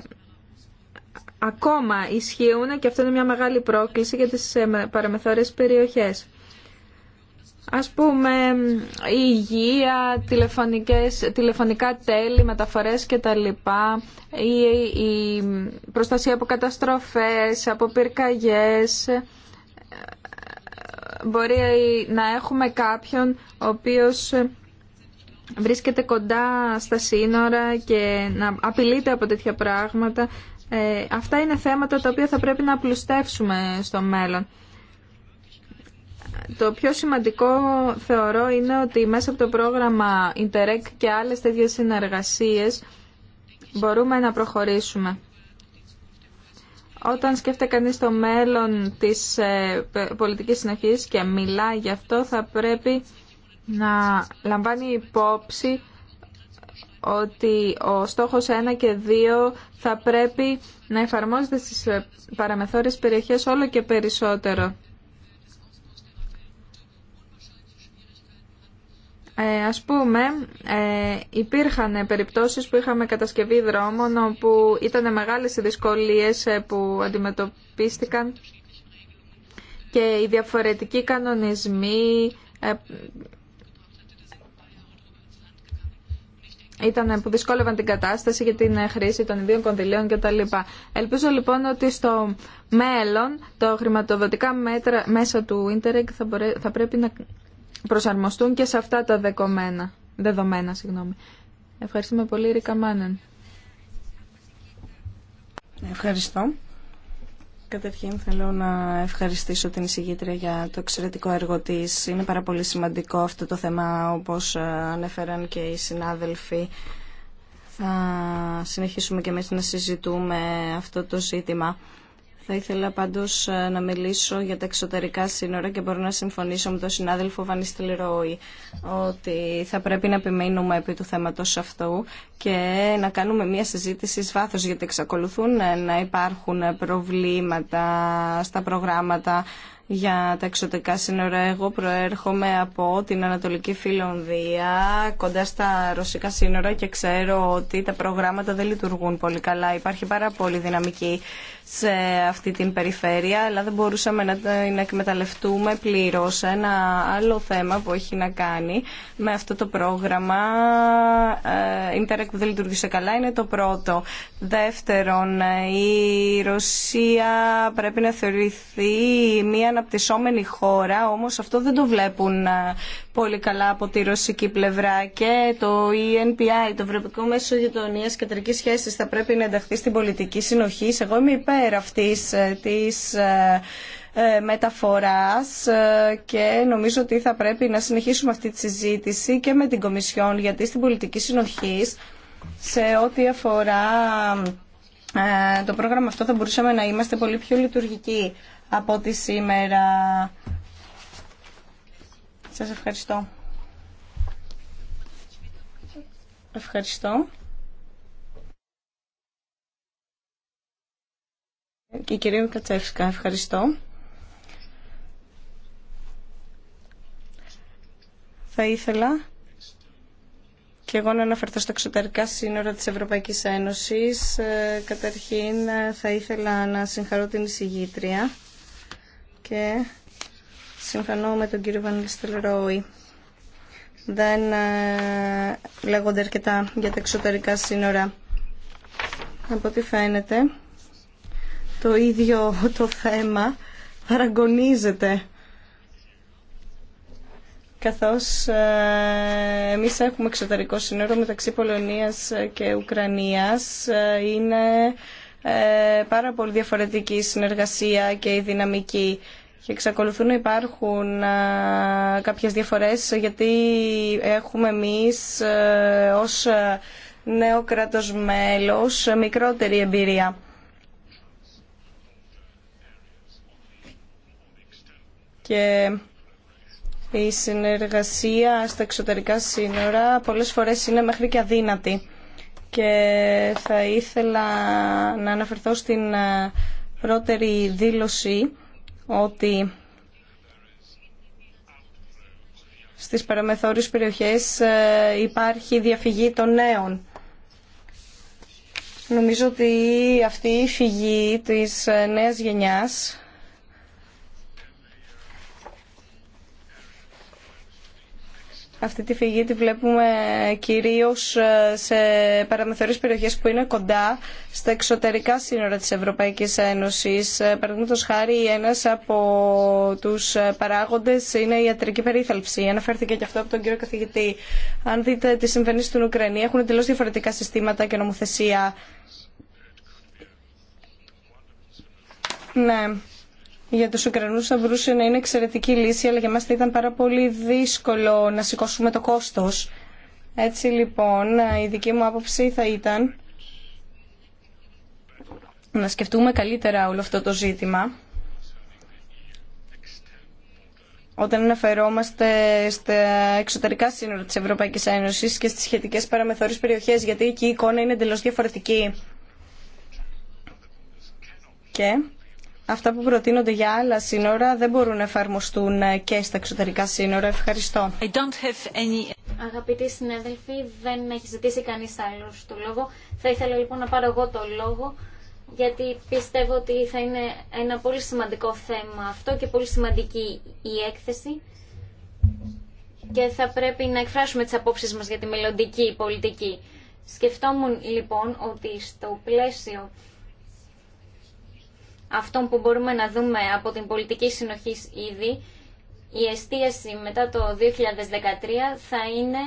ακόμα ισχύουν και αυτό είναι μια μεγάλη πρόκληση για τις ε, παραμεθόρες περιοχές. Ας πούμε η υγεία, τηλεφωνικές, τηλεφωνικά τέλη, μεταφορές κτλ. Η, η προστασία από καταστροφές, από πυρκαγιές. Μπορεί να έχουμε κάποιον ο οποίος βρίσκεται κοντά στα σύνορα και να απειλείται από τέτοια πράγματα. Ε, αυτά είναι θέματα τα οποία θα πρέπει να απλουστεύσουμε στο μέλλον το πιο σημαντικό θεωρώ είναι ότι μέσα από το πρόγραμμα Interreg και άλλες τέτοιες συνεργασίες μπορούμε να προχωρήσουμε. Όταν σκέφτεται κανείς το μέλλον της ε, πολιτικής συνοχής και μιλάει γι' αυτό θα πρέπει να λαμβάνει υπόψη ότι ο στόχος 1 και 2 θα πρέπει να εφαρμόζεται στις ε, παραμεθόρες περιοχές όλο και περισσότερο. Ε, ας πούμε, ε, υπήρχαν περιπτώσεις που είχαμε κατασκευή δρόμων όπου ήταν μεγάλες οι δυσκολίες ε, που αντιμετωπίστηκαν και οι διαφορετικοί κανονισμοί ε, που δυσκόλευαν την κατάσταση για την χρήση των ιδίων κονδυλίων κτλ. Ελπίζω λοιπόν ότι στο μέλλον το χρηματοδοτικά μέτρα μέσα του Ίντερεγ θα, θα πρέπει να προσαρμοστούν και σε αυτά τα δεκομένα, δεδομένα. Συγγνώμη. Ευχαριστούμε πολύ, Ρίκα Μάνεν. Ευχαριστώ. Καταρχήν θέλω να ευχαριστήσω την εισηγήτρια για το εξαιρετικό έργο της. Είναι πάρα πολύ σημαντικό αυτό το θέμα όπως ανέφεραν και οι συνάδελφοι. Θα συνεχίσουμε και εμείς να συζητούμε αυτό το ζήτημα. Θα ήθελα πάντω ε, να μιλήσω για τα εξωτερικά σύνορα και μπορώ να συμφωνήσω με τον συνάδελφο Βανίστη ότι θα πρέπει να επιμείνουμε επί του θέματος αυτού και να κάνουμε μια συζήτηση βάθο γιατί εξακολουθούν να υπάρχουν προβλήματα στα προγράμματα για τα εξωτικά σύνορα. Εγώ προέρχομαι από την Ανατολική Φιλονδία, κοντά στα ρωσικά σύνορα και ξέρω ότι τα προγράμματα δεν λειτουργούν πολύ καλά. Υπάρχει πάρα πολύ δυναμική σε αυτή την περιφέρεια, αλλά δεν μπορούσαμε να την εκμεταλλευτούμε πλήρως. Ένα άλλο θέμα που έχει να κάνει με αυτό το πρόγραμμα ε, Interact που δεν λειτουργήσε καλά είναι το πρώτο. Δεύτερον, ε, η Ρωσία πρέπει να θεωρηθεί μία αναπτυσσόμενη χώρα, όμως αυτό δεν το βλέπουν ε, πολύ καλά από τη ρωσική πλευρά και το ENPI, το Ευρωπαϊκό Μέσο Γειτονίας Κεντρικής Σχέσης θα πρέπει να ενταχθεί στην πολιτική συνοχή. Εγώ είμαι υπέρ αυτής ε, της ε, μεταφοράς και νομίζω ότι θα πρέπει να συνεχίσουμε αυτή τη συζήτηση και με την Κομισιόν γιατί στην πολιτική συνοχή σε ό,τι αφορά το πρόγραμμα αυτό θα μπορούσαμε να είμαστε πολύ πιο λειτουργικοί από ότι σήμερα. Σας ευχαριστώ. Ευχαριστώ. Και η κυρία ευχαριστώ. Θα ήθελα και εγώ να αναφερθώ στα εξωτερικά σύνορα της Ευρωπαϊκής Ένωσης. Ε, καταρχήν ε, θα ήθελα να συγχαρώ την εισηγήτρια και συμφωνώ με τον κύριο Βανίλιστελ Δεν ε, λέγονται αρκετά για τα εξωτερικά σύνορα. Από ό,τι φαίνεται, το ίδιο το θέμα παραγωνίζεται καθώς ε, εμείς έχουμε εξωτερικό σύνορο μεταξύ Πολωνίας και Ουκρανίας. Ε, είναι ε, πάρα πολύ διαφορετική συνεργασία και η δυναμική και εξακολουθούν να υπάρχουν κάποιες διαφορές γιατί έχουμε εμείς ε, ως ε, νέο κράτος μέλος μικρότερη εμπειρία. Και η συνεργασία στα εξωτερικά σύνορα πολλές φορές είναι μέχρι και αδύνατη και θα ήθελα να αναφερθώ στην ε, πρώτερη δήλωση ότι στις παραμεθόριες περιοχές ε, υπάρχει διαφυγή των νέων. Νομίζω ότι αυτή η φυγή της ε, νέας γενιάς Αυτή τη φυγή τη βλέπουμε κυρίως ε, σε παραμεθωρείς περιοχές που είναι κοντά στα εξωτερικά σύνορα της Ευρωπαϊκής Ένωσης. Ε, παραδείγματος χάρη ένας από τους παράγοντες είναι η ιατρική περίθαλψη. Αναφέρθηκε και αυτό από τον κύριο καθηγητή. Αν δείτε τι συμβαίνει στην Ουκρανία έχουν εντελώς διαφορετικά συστήματα και νομοθεσία. Ναι για τους Ουκρανούς θα μπορούσε να είναι εξαιρετική λύση, αλλά για μας θα ήταν πάρα πολύ δύσκολο να σηκώσουμε το κόστος. Έτσι λοιπόν, η δική μου άποψη θα ήταν να σκεφτούμε καλύτερα όλο αυτό το ζήτημα όταν αναφερόμαστε στα εξωτερικά σύνορα της Ευρωπαϊκής Ένωσης και στις σχετικές παραμεθόρες περιοχές, γιατί εκεί η εικόνα είναι εντελώς διαφορετική. Και αυτά που προτείνονται για άλλα σύνορα δεν μπορούν να εφαρμοστούν ε, και στα εξωτερικά σύνορα. Ευχαριστώ. Αγαπητοί συνάδελφοι, δεν έχει ζητήσει κανείς άλλος το λόγο. Θα ήθελα λοιπόν να πάρω εγώ το λόγο, γιατί πιστεύω ότι θα είναι ένα πολύ σημαντικό θέμα αυτό και πολύ σημαντική η έκθεση και θα πρέπει να εκφράσουμε τις απόψεις μας για τη μελλοντική πολιτική. Σκεφτόμουν λοιπόν ότι στο πλαίσιο αυτών που μπορούμε να δούμε από την πολιτική συνοχή ήδη, η εστίαση μετά το 2013 θα είναι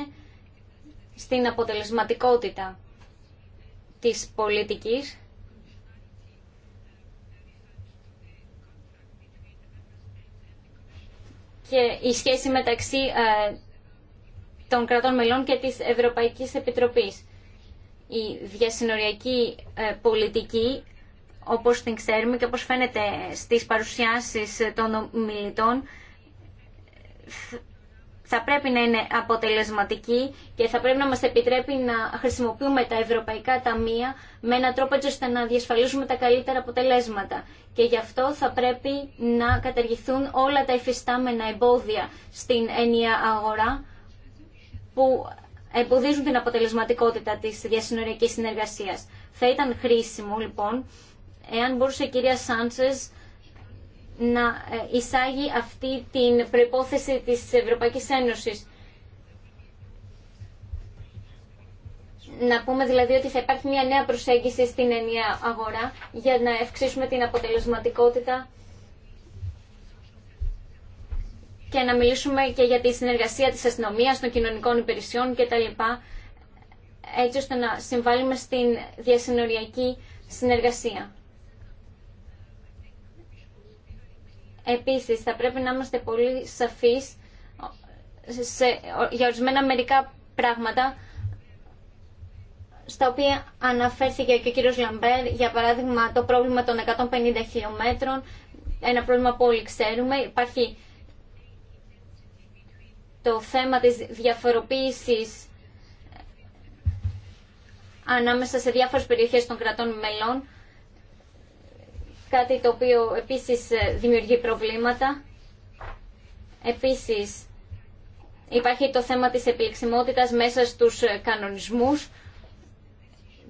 στην αποτελεσματικότητα της πολιτικής και η σχέση μεταξύ ε, των κρατών μελών και της Ευρωπαϊκής Επιτροπής. Η διασυνοριακή ε, πολιτική όπως την ξέρουμε και όπως φαίνεται στις παρουσιάσεις των μιλητών, θα πρέπει να είναι αποτελεσματική και θα πρέπει να μας επιτρέπει να χρησιμοποιούμε τα ευρωπαϊκά ταμεία με έναν τρόπο έτσι ώστε να διασφαλίσουμε τα καλύτερα αποτελέσματα. Και γι' αυτό θα πρέπει να καταργηθούν όλα τα εφιστάμενα εμπόδια στην ενιαία αγορά που εμποδίζουν την αποτελεσματικότητα της διασυνοριακής συνεργασίας. Θα ήταν χρήσιμο λοιπόν εάν μπορούσε η κυρία Σάντσες να ε, εισάγει αυτή την προϋπόθεση της Ευρωπαϊκής Ένωσης. Να πούμε δηλαδή ότι θα υπάρχει μια νέα προσέγγιση στην ενιαία αγορά για να ευξήσουμε την αποτελεσματικότητα και να μιλήσουμε και για τη συνεργασία της αστυνομίας, των κοινωνικών υπηρεσιών κτλ. έτσι ώστε να συμβάλλουμε στην διασυνοριακή συνεργασία. Επίσης, θα πρέπει να είμαστε πολύ σαφείς για ορισμένα μερικά πράγματα στα οποία αναφέρθηκε και ο κύριος Λαμπέρ, για παράδειγμα το πρόβλημα των 150 χιλιόμετρων, ένα πρόβλημα που όλοι ξέρουμε. Υπάρχει το θέμα της διαφοροποίησης ανάμεσα σε διάφορες περιοχές των κρατών μελών κάτι το οποίο επίσης ε, δημιουργεί προβλήματα. Επίσης υπάρχει το θέμα της επιλεξιμότητας μέσα στους ε, κανονισμούς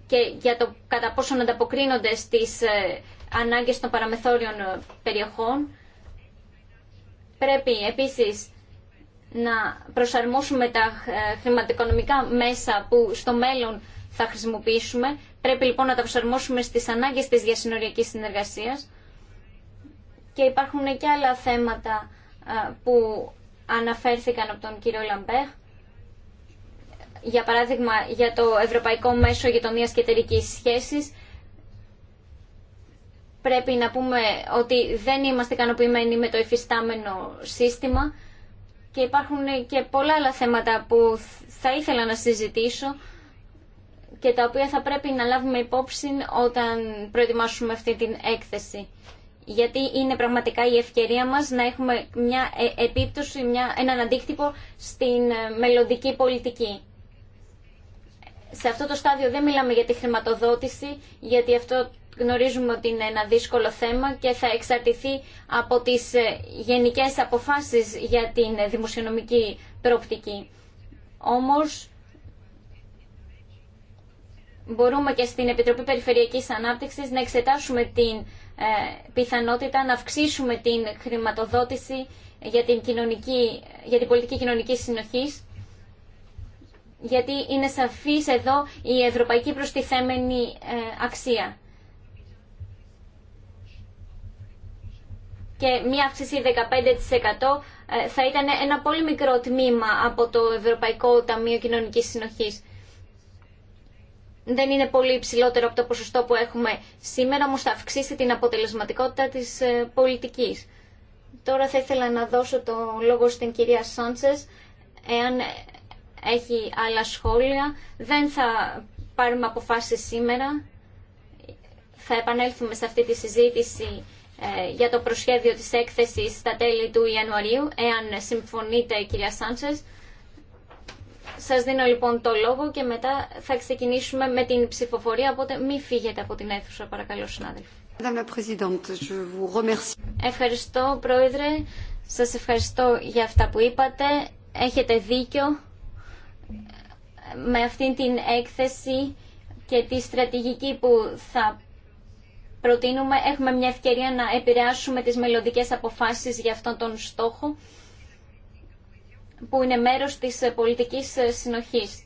και για το κατά πόσο ανταποκρίνονται στις ε, ανάγκες των παραμεθόριων περιοχών. Πρέπει επίσης να προσαρμόσουμε τα χρηματοοικονομικά μέσα που στο μέλλον θα χρησιμοποιήσουμε. Πρέπει λοιπόν να τα προσαρμόσουμε στις ανάγκες της διασυνοριακής συνεργασίας και υπάρχουν και άλλα θέματα που αναφέρθηκαν από τον κύριο Λαμπέχ. Για παράδειγμα, για το Ευρωπαϊκό Μέσο Γειτονία και τερικής Σχέσης, πρέπει να πούμε ότι δεν είμαστε ικανοποιημένοι με το υφιστάμενο σύστημα και υπάρχουν και πολλά άλλα θέματα που θα ήθελα να συζητήσω και τα οποία θα πρέπει να λάβουμε υπόψη όταν προετοιμάσουμε αυτή την έκθεση. Γιατί είναι πραγματικά η ευκαιρία μας να έχουμε μια ε, επίπτωση, μια, έναν αντίκτυπο στην ε, μελλοντική πολιτική. Σε αυτό το στάδιο δεν μιλάμε για τη χρηματοδότηση, γιατί αυτό γνωρίζουμε ότι είναι ένα δύσκολο θέμα και θα εξαρτηθεί από τις ε, γενικές αποφάσεις για την δημοσιονομική προοπτική. Όμως μπορούμε και στην Επιτροπή Περιφερειακής Ανάπτυξης να εξετάσουμε την ε, πιθανότητα να αυξήσουμε την χρηματοδότηση για την, κοινωνική, για την πολιτική κοινωνική συνοχής γιατί είναι σαφής εδώ η ευρωπαϊκή προστιθέμενη ε, αξία. Και μία αύξηση 15% ε, θα ήταν ένα πολύ μικρό τμήμα από το Ευρωπαϊκό Ταμείο Κοινωνικής Συνοχής δεν είναι πολύ υψηλότερο από το ποσοστό που έχουμε σήμερα, όμως θα αυξήσει την αποτελεσματικότητα της ε, πολιτικής. Τώρα θα ήθελα να δώσω το λόγο στην κυρία Σάντσες, εάν έχει άλλα σχόλια. Δεν θα πάρουμε αποφάσεις σήμερα. Θα επανέλθουμε σε αυτή τη συζήτηση ε, για το προσχέδιο της έκθεσης στα τέλη του Ιανουαρίου, εάν συμφωνείτε κυρία Σάντσες. Σας δίνω λοιπόν το λόγο και μετά θα ξεκινήσουμε με την ψηφοφορία, οπότε μην φύγετε από την αίθουσα, παρακαλώ συνάδελφοι. Ευχαριστώ, Πρόεδρε. Σας ευχαριστώ για αυτά που είπατε. Έχετε δίκιο με αυτήν την έκθεση και τη στρατηγική που θα προτείνουμε. Έχουμε μια ευκαιρία να επηρεάσουμε τις μελλοντικές αποφάσεις για αυτόν τον στόχο που είναι μέρος της ε, πολιτικής ε, συνοχής.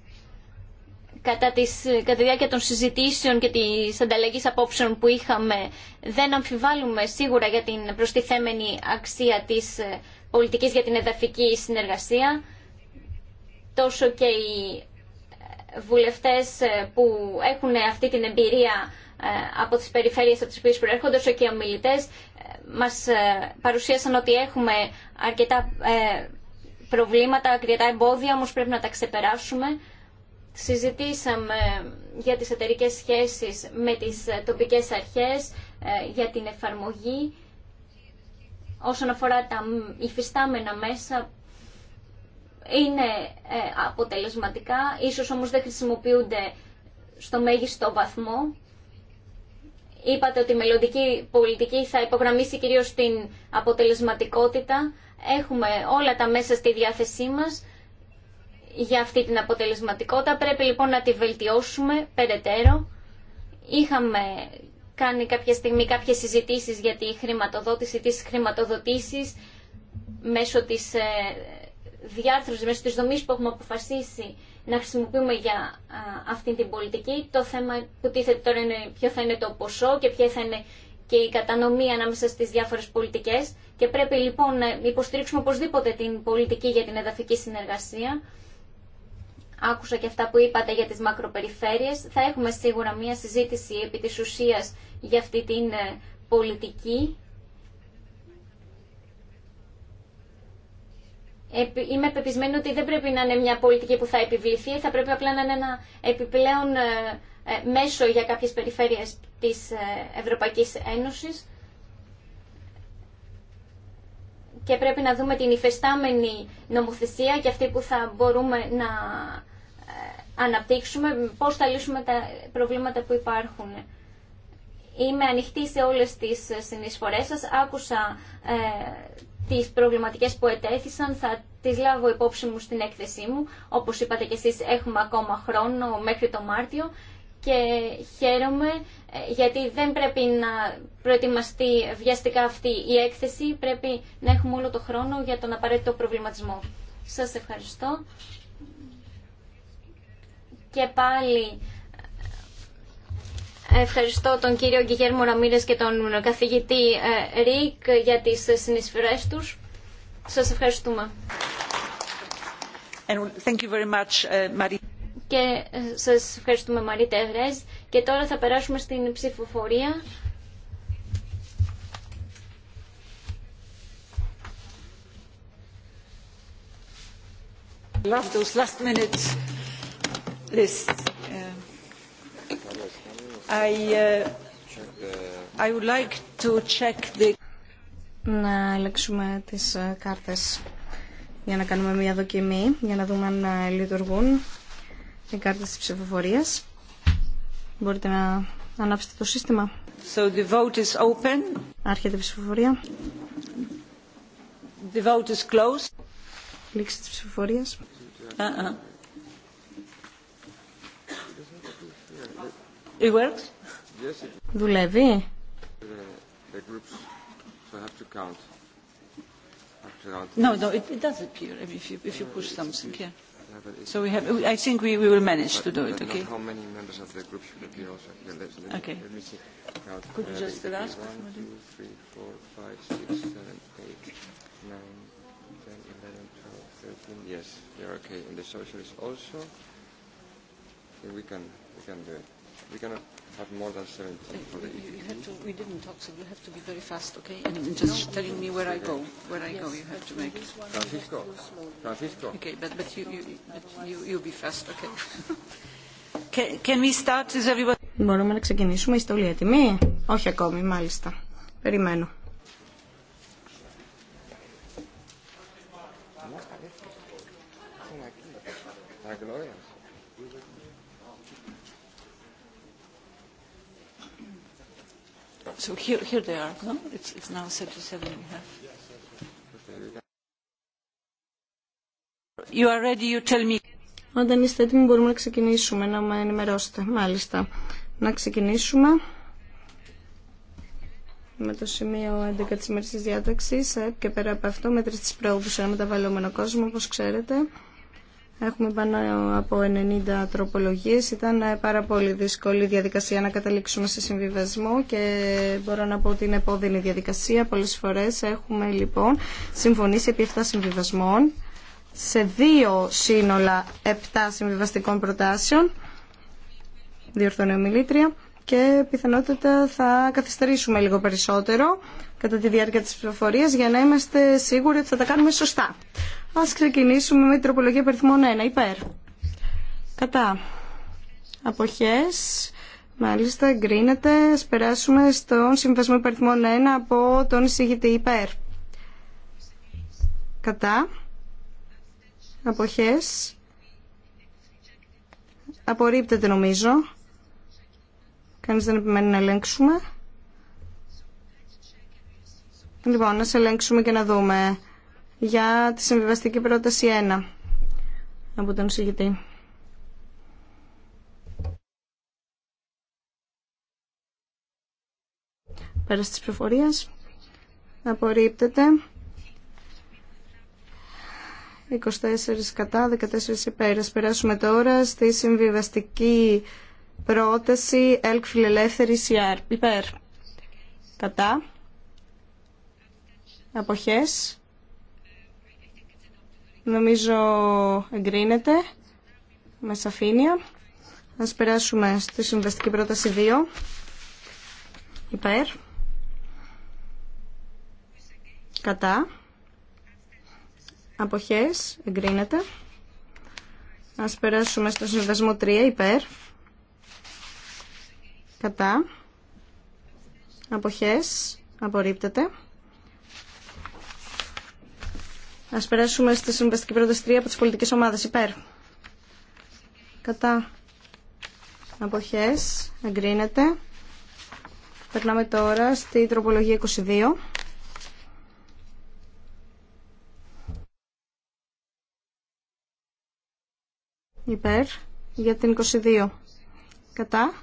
Κατά, τις, κατά τη διάρκεια των συζητήσεων και της ανταλλαγής απόψεων που είχαμε, δεν αμφιβάλλουμε σίγουρα για την προστιθέμενη αξία της ε, πολιτικής για την εδαφική συνεργασία, τόσο και οι βουλευτές που έχουν αυτή την εμπειρία από τις περιφέρειες από τις οποίες προέρχονται, όσο και οι ομιλητές, μας παρουσίασαν ότι έχουμε αρκετά προβλήματα, τα εμπόδια, όμως πρέπει να τα ξεπεράσουμε. Συζητήσαμε για τις εταιρικές σχέσεις με τις τοπικές αρχές, ε, για την εφαρμογή. Όσον αφορά τα υφιστάμενα μέσα, είναι ε, αποτελεσματικά, ίσως όμως δεν χρησιμοποιούνται στο μέγιστο βαθμό. Είπατε ότι η μελλοντική πολιτική θα υπογραμμίσει κυρίως την αποτελεσματικότητα. Έχουμε όλα τα μέσα στη διάθεσή μας για αυτή την αποτελεσματικότητα. Πρέπει λοιπόν να τη βελτιώσουμε περαιτέρω. Είχαμε κάνει κάποια στιγμή κάποιες συζητήσεις για τη χρηματοδότηση της χρηματοδοτήσεις μέσω της ε, διάρθρωσης, μέσω της δομής που έχουμε αποφασίσει να χρησιμοποιούμε για αυτή την πολιτική. Το θέμα που τίθεται τώρα είναι ποιο θα είναι το ποσό και ποια θα είναι και η κατανομή ανάμεσα στις διάφορες πολιτικές και πρέπει λοιπόν να υποστηρίξουμε οπωσδήποτε την πολιτική για την εδαφική συνεργασία. Άκουσα και αυτά που είπατε για τις μακροπεριφέρειες. Θα έχουμε σίγουρα μία συζήτηση επί της ουσίας για αυτή την ε, πολιτική είμαι πεπισμένη ότι δεν πρέπει να είναι μια πολιτική που θα επιβληθεί, θα πρέπει απλά να είναι ένα επιπλέον ε, ε, μέσο για κάποιες περιφέρειες της ε, Ευρωπαϊκής Ένωσης και πρέπει να δούμε την υφεστάμενη νομοθεσία και αυτή που θα μπορούμε να αναπτύξουμε, πώς θα λύσουμε τα προβλήματα που υπάρχουν. Είμαι ανοιχτή σε όλες τις συνεισφορές σας. Άκουσα τις προβληματικές που ετέθησαν θα τις λάβω υπόψη μου στην έκθεσή μου. Όπως είπατε και εσεί έχουμε ακόμα χρόνο μέχρι το Μάρτιο και χαίρομαι ε, γιατί δεν πρέπει να προετοιμαστεί βιαστικά αυτή η έκθεση. Πρέπει να έχουμε όλο το χρόνο για τον απαραίτητο προβληματισμό. Σας ευχαριστώ. Και πάλι Ευχαριστώ τον κύριο Γκυγέρμο Ραμύρες και τον καθηγητή ε, Ρίκ για τις συνεισφυρές τους. Σας ευχαριστούμε. And thank you very much, ε, Και ε, σας ευχαριστούμε Μαρή Τεγρές. Και τώρα θα περάσουμε στην ψηφοφορία. Love those last minute lists. Uh, I would like to check the... Να ελέγξουμε τις ε, κάρτες για να κάνουμε μια δοκιμή, για να δούμε αν ε, λειτουργούν οι κάρτες της ψηφοφορίας. Μπορείτε να ανάψετε το σύστημα. So the vote is open. Άρχεται η ψηφοφορία. The vote is closed. Λήξη της ψηφοφορίας. Uh It works? Yes, it... Δουλεύει. The, the groups, so I have to count. No, no, it, it does appear if you, if you push something here. So we have, I think we, we will manage to do it, okay? How many members of the group should appear also? Yeah, okay. Let me see. Count. Could you just ask? One, two, three, four, five, six, seven, eight, nine, ten, eleven, twelve, thirteen. Yes, they're okay. And the socialists also. we can, we can do it. We're going to have more than 17 for the you have to, We didn't talk, so you have to be very fast, okay? And just telling me where I go. Where I go, you have to make it. Francisco. Francisco. Okay, but, but, you, you, but you, be fast, okay? Can we start? Is everybody... Μπορούμε να ξεκινήσουμε. Είστε όλοι έτοιμοι? Όχι ακόμη, μάλιστα. Περιμένω. So here, here they are. No, it's, it's now 37 we have. You are ready, you tell me. Όταν είστε έτοιμοι μπορούμε να ξεκινήσουμε, να με ενημερώσετε. Μάλιστα. Να ξεκινήσουμε με το σημείο 11 της ημέρας της διάταξης ε, και πέρα από αυτό μέτρες της πρόοδου σε ένα μεταβαλλόμενο κόσμο, όπως ξέρετε. Έχουμε πάνω από 90 τροπολογίες. Ήταν ε, πάρα πολύ δύσκολη διαδικασία να καταλήξουμε σε συμβιβασμό και μπορώ να πω ότι είναι επώδυνη διαδικασία. Πολλές φορές έχουμε λοιπόν συμφωνήσει επί 7 συμβιβασμών σε δύο σύνολα 7 συμβιβαστικών προτάσεων, διορθώνει ομιλήτρια, και πιθανότητα θα καθυστερήσουμε λίγο περισσότερο κατά τη διάρκεια της πληροφορία για να είμαστε σίγουροι ότι θα τα κάνουμε σωστά. Ας ξεκινήσουμε με την τροπολογία περιθμών 1, υπέρ. Κατά. Αποχές. Μάλιστα, εγκρίνεται. Ας περάσουμε στον συμβασμό υπαριθμών 1 από τον εισηγητή υπέρ. Κατά. Αποχές. Απορρίπτεται νομίζω. Κανείς δεν επιμένει να ελέγξουμε. Λοιπόν, να σε ελέγξουμε και να δούμε για τη συμβιβαστική πρόταση 1 από τον συγγητή. Πέρα τη προφορίες. Απορρίπτεται. 24 κατά, 14 υπέρ. Ας περάσουμε τώρα στη συμβιβαστική πρόταση ΕΛΚ Φιλελεύθερη Υπέρ. Κατά. Αποχές. Νομίζω εγκρίνεται με σαφήνεια. Ας περάσουμε στη συμβαστική πρόταση 2. Υπέρ. Κατά. Αποχές. Εγκρίνεται. Ας περάσουμε στο συμβασμό 3. Υπέρ. Κατά. Αποχές. Απορρίπτεται. Α περάσουμε στη συμβαστική πρόταση 3 από τις πολιτικές ομάδες υπέρ. Κατά Αποχέ. εγκρίνεται. Περνάμε τώρα στη τροπολογία 22. Υπέρ για την 22. Κατά.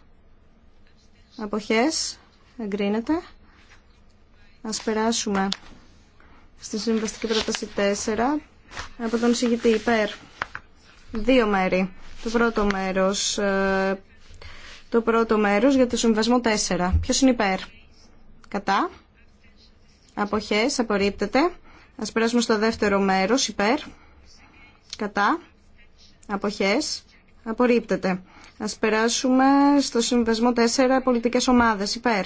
Αποχές. Εγκρίνεται. Ας περάσουμε στη συμβαστική πρόταση 4 από τον συγητή υπέρ. Δύο μέρη. Το πρώτο μέρος, ε, το πρώτο μέρος για το συμβασμό 4. Ποιος είναι υπέρ. Κατά. Αποχές. Απορρίπτεται. Ας περάσουμε στο δεύτερο μέρος. Υπέρ. Κατά. Αποχές. Απορρίπτεται. Ας περάσουμε στο συμβασμό 4. Πολιτικές ομάδες. Υπέρ.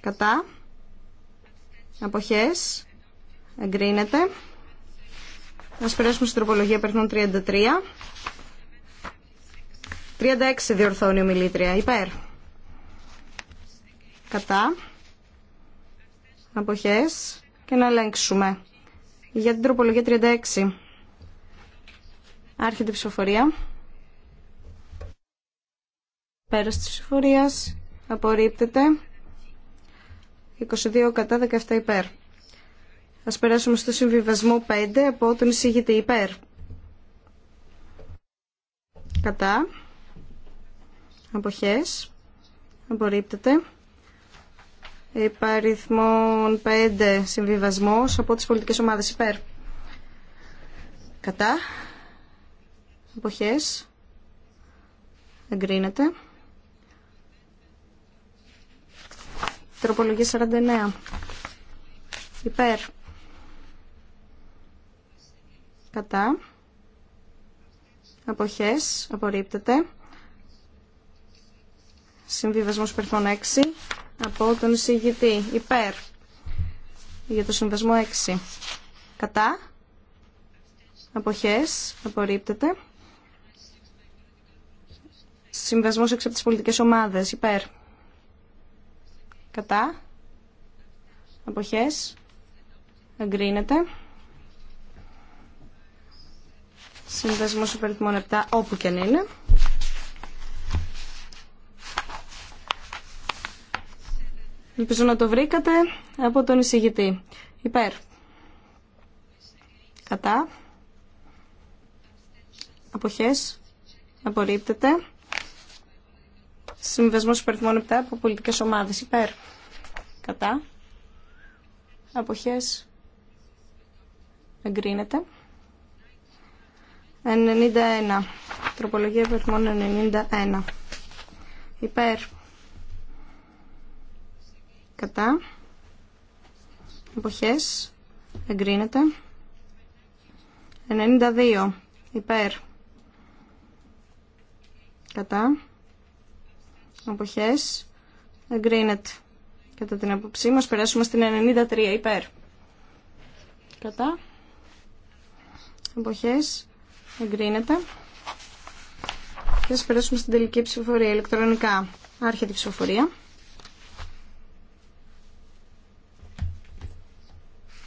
Κατά. Αποχές. Εγκρίνεται. Ας περάσουμε στην τροπολογία περθνών 33. 36 διορθώνει ομιλήτρια. μιλήτρια. Υπέρ. Κατά. Αποχές. Και να ελέγξουμε. Για την τροπολογία 36. Άρχεται η ψηφοφορία. Πέρας της ψηφοφορίας. Απορρίπτεται. 22 κατά 17 υπέρ. Ας περάσουμε στο συμβιβασμό 5 από τον εισηγητή υπέρ. Κατά. Αποχές. Απορρίπτεται. Υπαριθμών 5 συμβιβασμός από τις πολιτικές ομάδες υπέρ. Κατά. Αποχές. Εγκρίνεται. Τροπολογία 49. Υπέρ. Κατά. Αποχές. Απορρίπτεται. Συμβιβασμός υπερθών 6. Από τον εισηγητή. Υπέρ. Για το συμβασμό 6. Κατά. Αποχές. Απορρίπτεται. Συμβασμός 6 από τις πολιτικές ομάδες. Υπέρ κατά, αποχές, εγκρίνεται. Συνδεσμός υπεριθμών 7, όπου και αν είναι. Ελπίζω να το βρήκατε από τον εισηγητή. Υπέρ. Κατά. Αποχές. Απορρίπτεται. Συμβασμός υπερθυμών 7 από πολιτικές ομάδες. Υπέρ. Κατά. Αποχές. Εγκρίνεται. 91. Τροπολογία υπερθυμών 91. Υπέρ. Κατά. Αποχές. Εγκρίνεται. 92. Υπέρ. Κατά αποχές εγκρίνεται κατά την άποψή μας περάσουμε στην 93 υπέρ κατά αποχές εγκρίνεται και ας περάσουμε στην τελική ψηφοφορία ηλεκτρονικά άρχεται η ψηφοφορία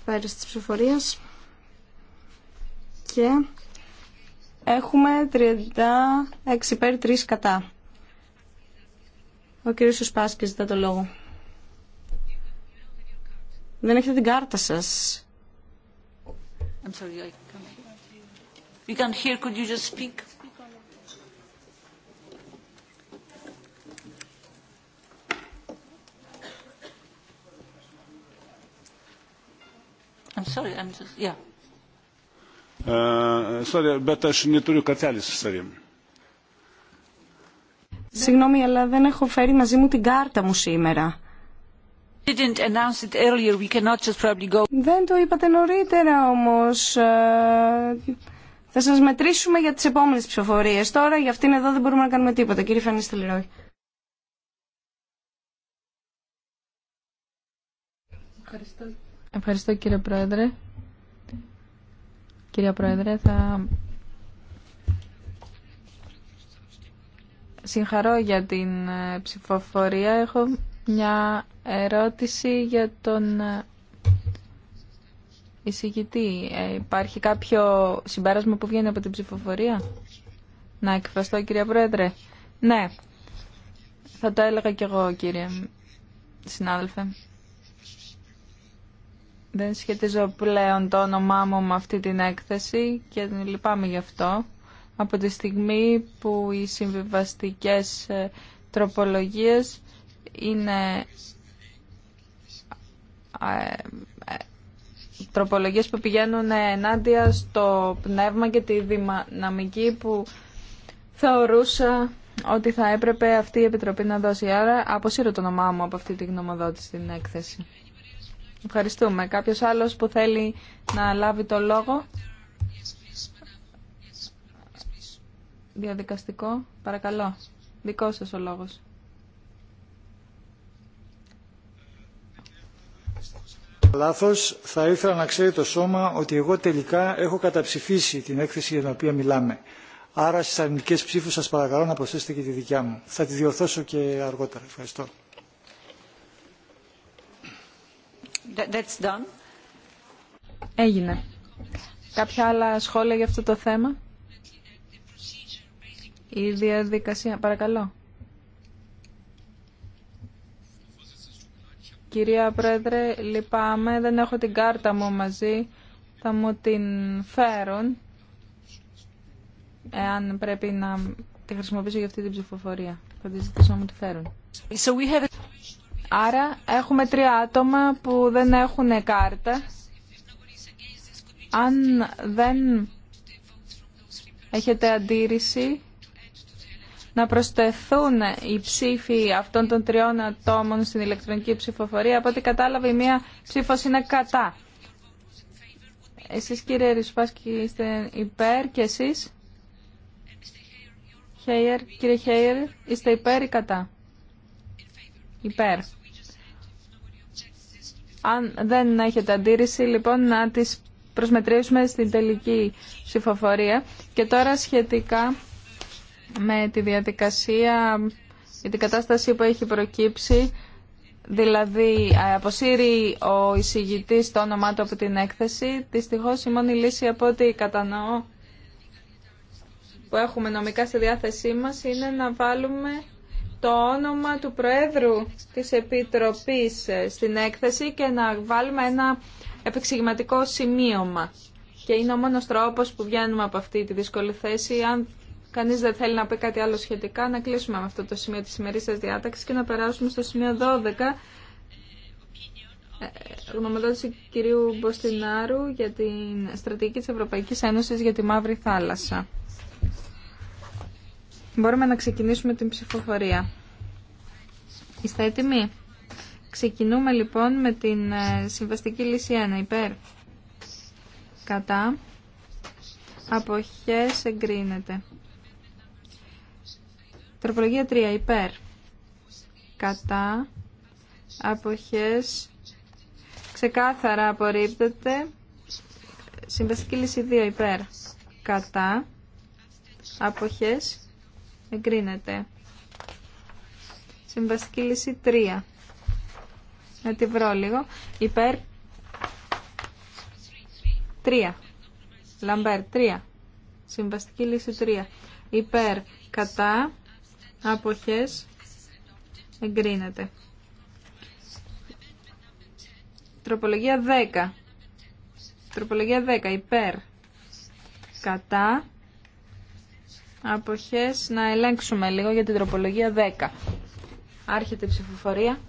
πέρας της ψηφοφορίας και έχουμε 36 υπέρ 3 κατά ο κύριος Σουσπάσκης ζητά το λόγο. Δεν έχετε την κάρτα σας. I'm sorry, I can't. We can't hear, could you just speak? I'm sorry, I'm just, yeah. Uh, sorry, bet aš neturiu kartelės su savimi. Συγγνώμη, αλλά δεν έχω φέρει μαζί μου την κάρτα μου σήμερα. Δεν το είπατε νωρίτερα όμως. Ε, θα σας μετρήσουμε για τις επόμενες ψηφοφορίες. Τώρα για αυτήν εδώ δεν μπορούμε να κάνουμε τίποτα. Κύριε Φανίστη Λιρόι. Ευχαριστώ. Ευχαριστώ κύριε Πρόεδρε. Κυρία Πρόεδρε, θα συγχαρώ για την ε, ψηφοφορία. Έχω μια ερώτηση για τον ε, εισηγητή. Ε, υπάρχει κάποιο συμπέρασμα που βγαίνει από την ψηφοφορία. Να εκφραστώ κυρία Πρόεδρε. Ναι, θα το έλεγα κι εγώ κύριε συνάδελφε. Δεν σχετίζω πλέον το όνομά μου με αυτή την έκθεση και λυπάμαι γι' αυτό από τη στιγμή που οι συμβιβαστικές ε, τροπολογίες είναι ε, ε, τροπολογίες που πηγαίνουν ενάντια στο πνεύμα και τη δυναμική που θεωρούσα ότι θα έπρεπε αυτή η Επιτροπή να δώσει. Άρα αποσύρω το όνομά μου από αυτή τη γνωμοδότηση στην έκθεση. Ευχαριστούμε. Κάποιος άλλος που θέλει να λάβει το λόγο. διαδικαστικό, παρακαλώ. Δικό σας ο λόγος. Λάθος, θα ήθελα να ξέρει το σώμα ότι εγώ τελικά έχω καταψηφίσει την έκθεση για την οποία μιλάμε. Άρα στις αρνητικές ψήφους σας παρακαλώ να προσθέσετε και τη δικιά μου. Θα τη διορθώσω και αργότερα. Ευχαριστώ. That's done. Έγινε. Κάποια άλλα σχόλια για αυτό το θέμα η διαδικασία. Παρακαλώ. Κυρία Πρόεδρε, λυπάμαι, δεν έχω την κάρτα μου μαζί. Θα μου την φέρουν, εάν πρέπει να τη χρησιμοποιήσω για αυτή την ψηφοφορία. Θα τη ζητήσω να μου τη φέρουν. Άρα έχουμε τρία άτομα που δεν έχουν κάρτα. Αν δεν έχετε αντίρρηση, να προσθεθούν οι ψήφοι αυτών των τριών ατόμων στην ηλεκτρονική ψηφοφορία. Από ό,τι κατάλαβε, η μία ψήφος είναι κατά. Εσείς κύριε Ρισπάσκη είστε υπέρ και εσείς. κύριε Χέιερ, είστε υπέρ ή κατά. Υπέρ. Αν δεν έχετε αντίρρηση, λοιπόν, να τις προσμετρήσουμε στην τελική ψηφοφορία. Και τώρα σχετικά με τη διαδικασία για την κατάσταση που έχει προκύψει. Δηλαδή, ε, αποσύρει ο εισηγητή το όνομά του από την έκθεση. Δυστυχώ, η μόνη λύση από ό,τι κατανοώ που έχουμε νομικά στη διάθεσή μας είναι να βάλουμε το όνομα του Προέδρου της Επιτροπής ε, στην έκθεση και να βάλουμε ένα επεξηγηματικό σημείωμα. Και είναι ο μόνος τρόπος που βγαίνουμε από αυτή τη δύσκολη θέση αν Κανείς δεν θέλει να πει κάτι άλλο σχετικά. Να κλείσουμε με αυτό το σημείο της σας διάταξης και να περάσουμε στο σημείο 12. Ε, γνωμοδότηση κυρίου Μποστινάρου για την στρατηγική της Ευρωπαϊκής Ένωσης για τη Μαύρη Θάλασσα. Μπορούμε να ξεκινήσουμε την ψηφοφορία. Είστε έτοιμοι? Ξεκινούμε λοιπόν με την ε, συμβαστική λύση 1. Υπέρ. Κατά. Αποχές εγκρίνεται. Τροπολογία 3. Υπέρ. Κατά. Αποχές. Ξεκάθαρα απορρίπτεται. Συμβαστική λύση 2. Υπέρ. Κατά. Αποχές. Εγκρίνεται. Συμβαστική λύση 3. Να τη βρω λίγο. Υπέρ. 3. Λαμπέρ 3. Συμβαστική λύση 3. Υπέρ. Κατά αποχές εγκρίνεται. Τροπολογία 10. Τροπολογία 10. Υπέρ. Κατά. Αποχές. Να ελέγξουμε λίγο για την τροπολογία 10. Άρχεται η ψηφοφορία.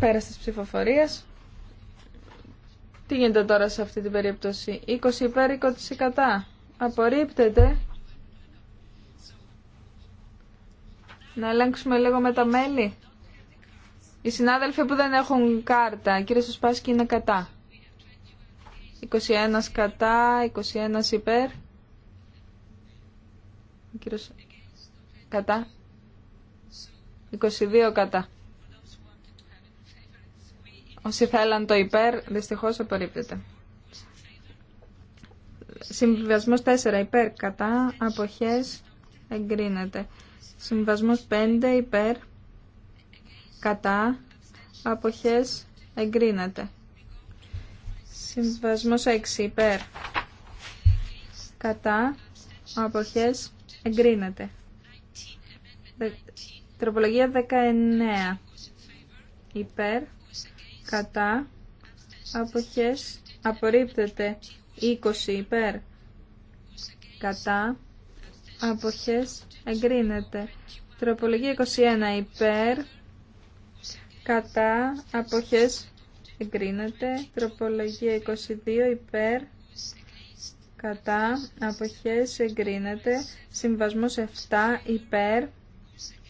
Πέρας τη ψηφοφορία. Τι γίνεται τώρα σε αυτή την περίπτωση. 20 υπέρ, 20 κατά. Απορρίπτεται. Να ελέγξουμε λίγο με τα μέλη. Οι συνάδελφοι που δεν έχουν κάρτα, κύριε Σουσπάσκη, είναι κατά. 21 κατά, 21 υπέρ. κατά. 22 κατά. Όσοι θέλαν το υπέρ, Δυστυχώ απορρίπτεται. Συμβιβασμός 4 υπέρ, κατά, αποχές, εγκρίνεται. Συμβιβασμός 5 υπέρ, κατά, αποχές, εγκρίνεται. Συμβιβασμός 6 υπέρ, κατά, αποχές, εγκρίνεται. Τροπολογία 19 υπέρ, κατά αποχές απορρίπτεται 20 υπέρ κατά αποχές εγκρίνεται τροπολογία 21 υπέρ κατά αποχές εγκρίνεται τροπολογία 22 υπέρ κατά αποχές εγκρίνεται συμβασμός 7 υπέρ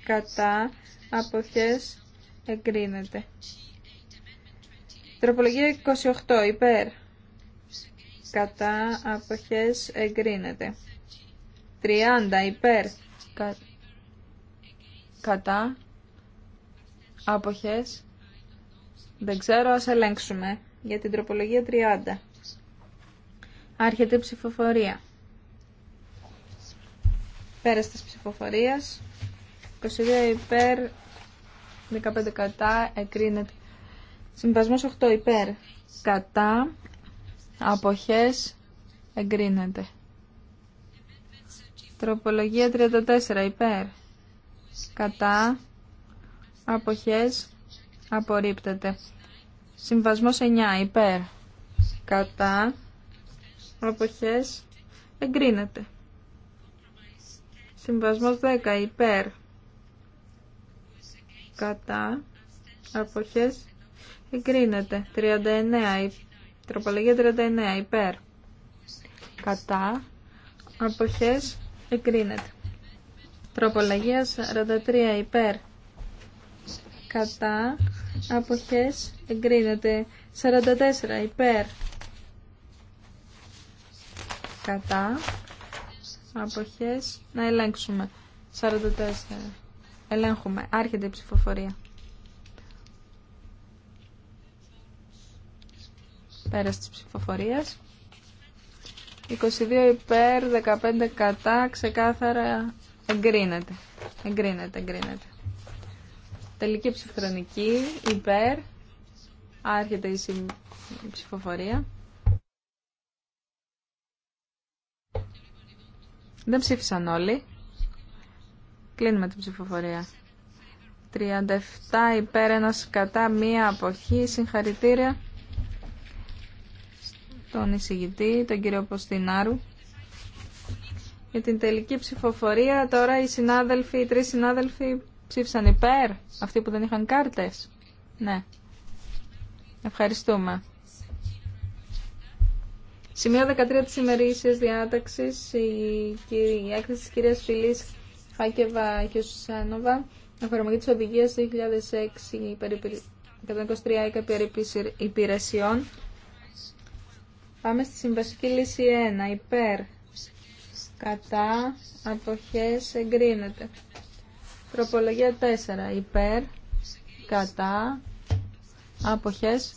κατά αποχές εγκρίνεται Τροπολογία 28 υπέρ. Κατά αποχές εγκρίνεται. 30 υπέρ. Κατά αποχές. Δεν ξέρω, ας ελέγξουμε για την τροπολογία 30. Άρχεται η ψηφοφορία. Πέρας της ψηφοφορίας. 22 υπέρ, 15 κατά, εγκρίνεται. Συμβασμός 8 υπέρ. Κατά. Αποχές. Εγκρίνεται. Τροπολογία 34 υπέρ. Κατά. Αποχές. Απορρίπτεται. Συμβασμός 9 υπέρ. Κατά. Αποχές. Εγκρίνεται. Συμβασμός 10 υπέρ. Κατά. Αποχές Εγκρίνεται. 39. Τροπολογία 39. Υπέρ. Κατά. Αποχές. Εγκρίνεται. Τροπολογία 43. Υπέρ. Κατά. Αποχές. Εγκρίνεται. 44. Υπέρ. Κατά. Αποχές. Να ελέγξουμε. 44. Ελέγχουμε. Άρχεται η ψηφοφορία. Πέρας της ψηφοφορίας. 22 υπέρ, 15 κατά, ξεκάθαρα εγκρίνεται. Εγκρίνεται, εγκρίνεται. Τελική ψηφοφορική υπέρ, άρχεται η ψηφοφορία. Δεν ψήφισαν όλοι. Κλείνουμε την ψηφοφορία. 37 υπέρ, ένας κατά, μία αποχή, συγχαρητήρια τον εισηγητή, τον κύριο Ποστινάρου. Για την τελική ψηφοφορία τώρα οι συνάδελφοι, οι τρεις συνάδελφοι ψήφισαν υπέρ, αυτοί που δεν είχαν κάρτες. Ναι. Ευχαριστούμε. Σημείο 13 της ημερήσιας διάταξης, η, έκθεση της κυρίας Φιλής Χάκεβα και Σουσάνοβα, εφαρμογή της οδηγίας 2006 123 ΕΚΑ υπηρεσιών. Πάμε στη συμβασική λύση 1. Υπέρ. Κατά. Αποχές. Εγκρίνεται. Τροπολογία 4. Υπέρ. Κατά. Αποχές.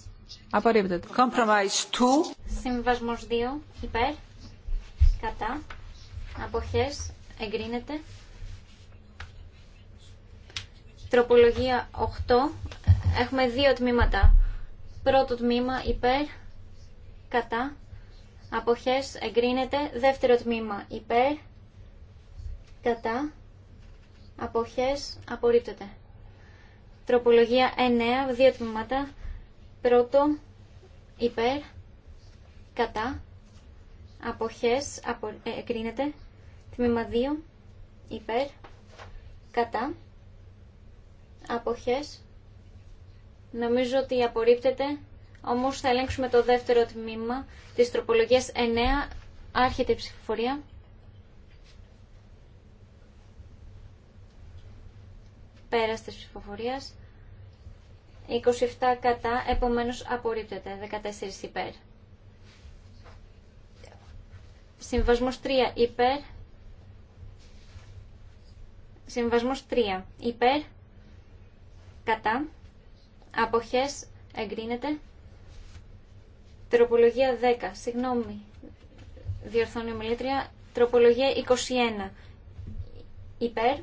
Απορρίπτεται. Compromise 2. Συμβασμός 2. Υπέρ. Κατά. Αποχές. Εγκρίνεται. Τροπολογία 8. Έχουμε δύο τμήματα. Πρώτο τμήμα υπέρ κατά, αποχές εγκρίνεται. Δεύτερο τμήμα υπέρ, κατά, αποχές απορρίπτεται. Τροπολογία 9, δύο τμήματα. Πρώτο, υπέρ, κατά, αποχές απο, ε, εγκρίνεται. Τμήμα 2, υπέρ, κατά, αποχές Νομίζω ότι απορρίπτεται Όμω θα ελέγξουμε το δεύτερο τμήμα της τροπολογίας 9. Άρχεται η ψηφοφορία. Πέρας τη ψηφοφορίας. 27 κατά, επομένως απορρίπτεται. 14 υπέρ. Συμβασμός 3 υπέρ. Συμβασμός 3 υπέρ. Κατά. Αποχές εγκρίνεται. Τροπολογία 10. Συγγνώμη, διορθώνει ομιλήτρια. Τροπολογία 21. Υπέρ,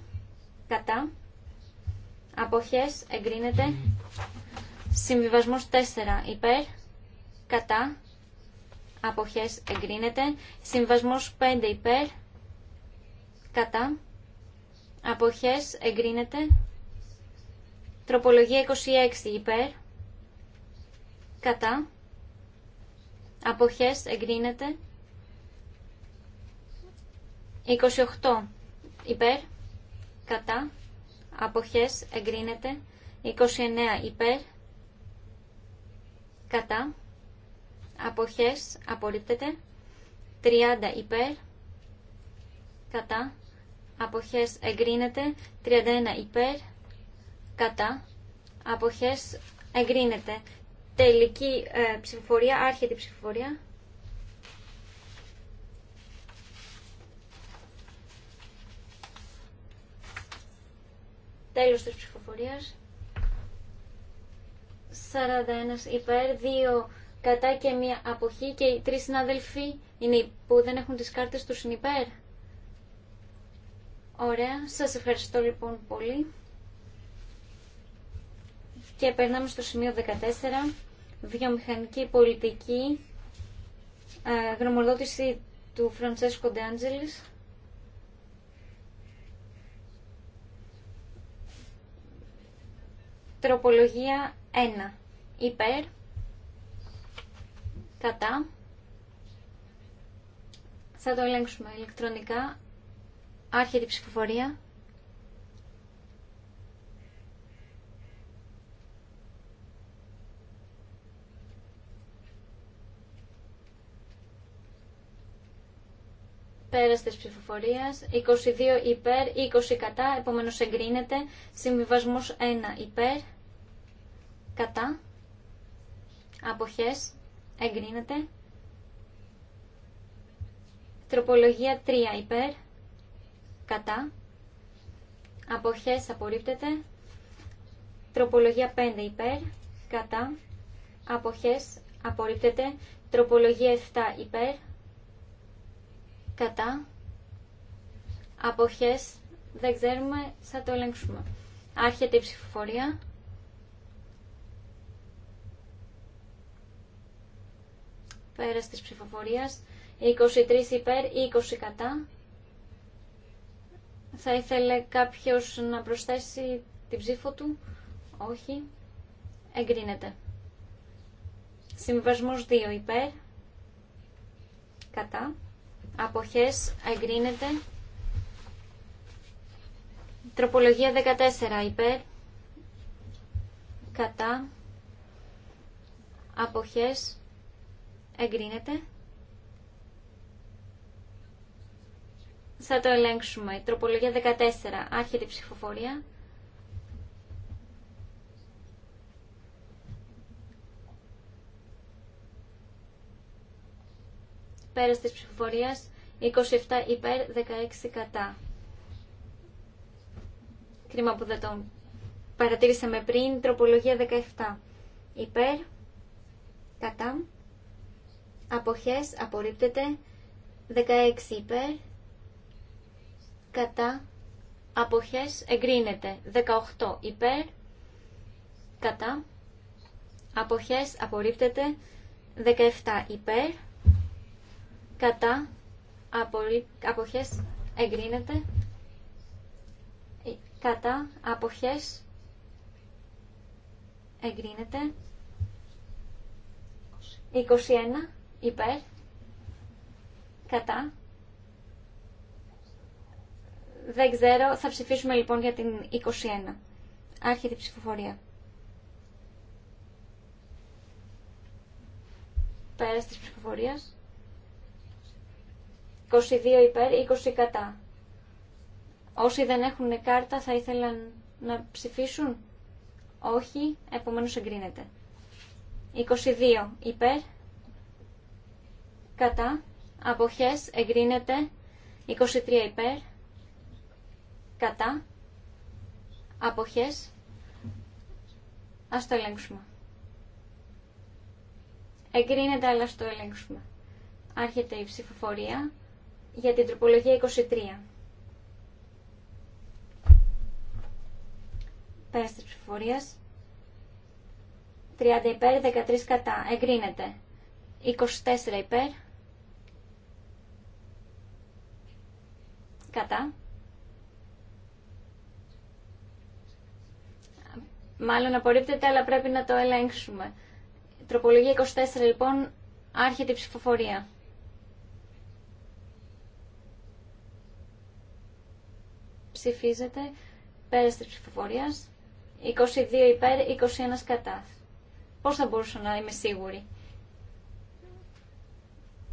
κατά, αποχές, εγκρίνεται. Συμβιβασμός 4. Υπέρ, κατά, αποχές, εγκρίνεται. Συμβασμός 5. Υπέρ, κατά, αποχές, εγκρίνεται. Τροπολογία 26. Υπέρ, κατά, αποχές εγκρίνεται 28 υπέρ κατά αποχές εγκρίνεται 29 υπέρ κατά αποχές απορρίπτεται 30 υπέρ κατά αποχές εγκρίνεται 31 υπέρ κατά αποχές εγκρίνεται τελική ε, ψηφοφορία, άρχεται η ψηφοφορία. Τέλος της ψηφοφορίας. 41 υπέρ, 2 κατά και μία αποχή και οι τρεις συναδελφοί είναι που δεν έχουν τις κάρτες τους είναι υπέρ. Ωραία, σας ευχαριστώ λοιπόν πολύ. Και περνάμε στο σημείο 14 βιομηχανική πολιτική, ε, γνωμοδότηση του Φρανσέσκο Ντεάντζελης. Τροπολογία 1. Υπέρ. Κατά. Θα το ελέγξουμε ηλεκτρονικά. Άρχεται η ψηφοφορία. Πέρας της ψηφοφορίας, 22 υπέρ, 20 κατά, επόμενος εγκρίνεται. Συμβιβασμός 1 υπέρ, κατά, αποχές, εγκρίνεται. Τροπολογία 3 υπέρ, κατά, αποχές απορρίπτεται. Τροπολογία 5 υπέρ, κατά, αποχές απορρίπτεται. Τροπολογία 7 υπέρ, κατά, αποχές, δεν ξέρουμε, θα το ελέγξουμε. Άρχεται η ψηφοφορία. Πέρας της ψηφοφορίας, 23 υπέρ, 20 κατά. Θα ήθελε κάποιος να προσθέσει την ψήφο του. Όχι. Εγκρίνεται. Συμβασμός 2 υπέρ. Κατά αποχές εγκρίνεται. Τροπολογία 14 υπέρ, κατά, αποχές εγκρίνεται. Θα το ελέγξουμε. Τροπολογία 14. Άρχεται η ψηφοφορία. πέρα της ψηφοφορίας 27 υπέρ 16 κατά. Κρίμα που δεν τον παρατήρησαμε πριν. Τροπολογία 17 υπέρ κατά. Αποχές απορρίπτεται 16 υπέρ κατά. Αποχές εγκρίνεται 18 υπέρ κατά. Αποχές απορρίπτεται 17 υπέρ ε, κατά αποχές εγκρίνεται κατά αποχές εγκρίνεται 21 υπέρ κατά δεν ξέρω, θα ψηφίσουμε λοιπόν για την 21 άρχεται η ψηφοφορία πέρα της ψηφοφορίας 22 υπέρ, 20 κατά. Όσοι δεν έχουν κάρτα θα ήθελαν να ψηφίσουν. Όχι, επομένως εγκρίνεται. 22 υπέρ, κατά, αποχές, εγκρίνεται. 23 υπέρ, κατά, αποχές, ας το ελέγξουμε. Εγκρίνεται, αλλά ας το ελέγξουμε. Άρχεται η ψηφοφορία για την τροπολογία 23. Πέρας της ψηφοφορίας. 30 υπέρ, 13 κατά. Εγκρίνεται. 24 υπέρ. Κατά. Μάλλον απορρίπτεται, αλλά πρέπει να το ελέγξουμε. Τροπολογία 24, λοιπόν, άρχεται η ψηφοφορία. ψηφίζεται πέρα τη ψηφοφορία. 22 υπέρ, 21 κατά. Πώ θα μπορούσα να είμαι σίγουρη.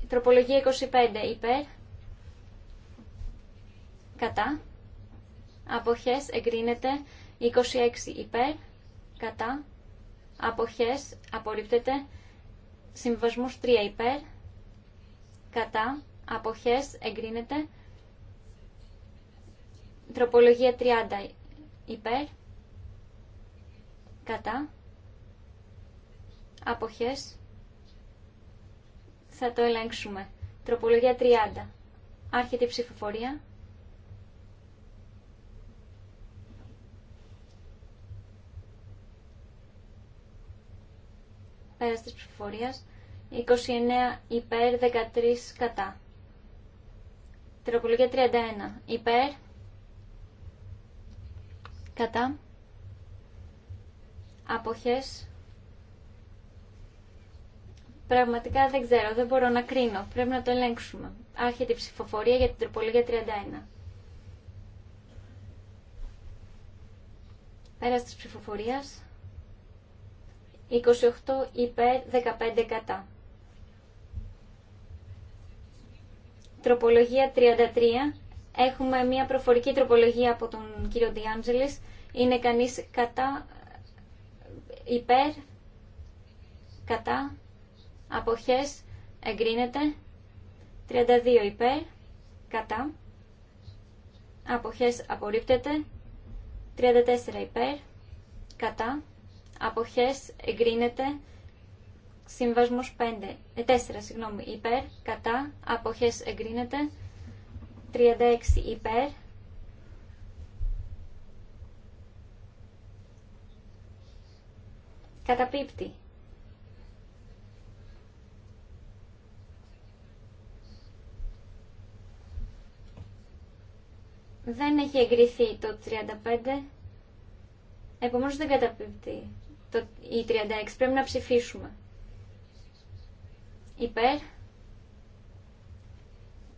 τροπολογία 25 υπέρ, κατά. Αποχές εγκρίνεται 26 υπέρ, κατά. Αποχές απορρίπτεται Συμβασμός 3 υπέρ, κατά. Αποχές εγκρίνεται Τροπολογία 30 υπέρ, κατά, αποχές, θα το ελέγξουμε. Τροπολογία 30. Άρχεται η ψηφοφορία. Πέρας της ψηφοφορίας. 29 υπέρ, 13 κατά. Τροπολογία 31. Υπέρ, κατά αποχές πραγματικά δεν ξέρω, δεν μπορώ να κρίνω πρέπει να το ελέγξουμε άρχεται η ψηφοφορία για την τροπολογία 31 πέρας της ψηφοφορίας 28 υπέρ 15 κατά τροπολογία 33 Έχουμε μια προφορική τροπολογία από τον κύριο Διάντζελης. Είναι κανείς κατά, υπέρ, κατά, αποχές, εγκρίνεται. 32 υπέρ, κατά, αποχές απορρίπτεται. 34 υπέρ, κατά, αποχές εγκρίνεται. Συμβασμός 5, 4 ε, συγγνώμη, υπέρ, κατά, αποχές εγκρίνεται. 36 υπέρ. Καταπίπτει. Δεν έχει εγκριθεί το 35. Επομένως δεν καταπίπτει το, η 36. Πρέπει να ψηφίσουμε. Υπέρ.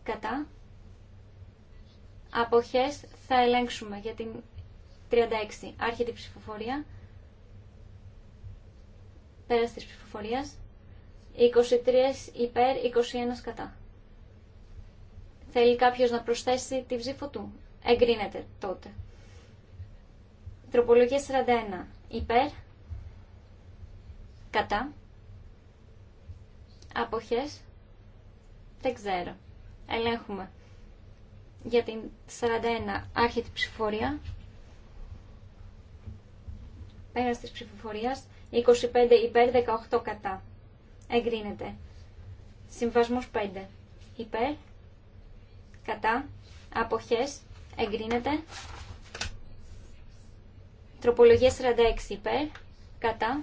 Κατά. Αποχές θα ελέγξουμε για την 36. Άρχεται η ψηφοφορία. Πέρας της ψηφοφορίας. 23 υπέρ, 21 κατά. Θέλει κάποιος να προσθέσει τη ψήφο του. Εγκρίνεται τότε. Τροπολογία 41. Υπέρ. Κατά. Αποχές. Δεν ξέρω. Ελέγχουμε για την 41 άρχεται ψηφοφορία. Πέρας της ψηφοφορίας 25 υπέρ 18 κατά. Εγκρίνεται. Συμβασμός 5 υπέρ κατά αποχές εγκρίνεται. Τροπολογία 46 υπέρ κατά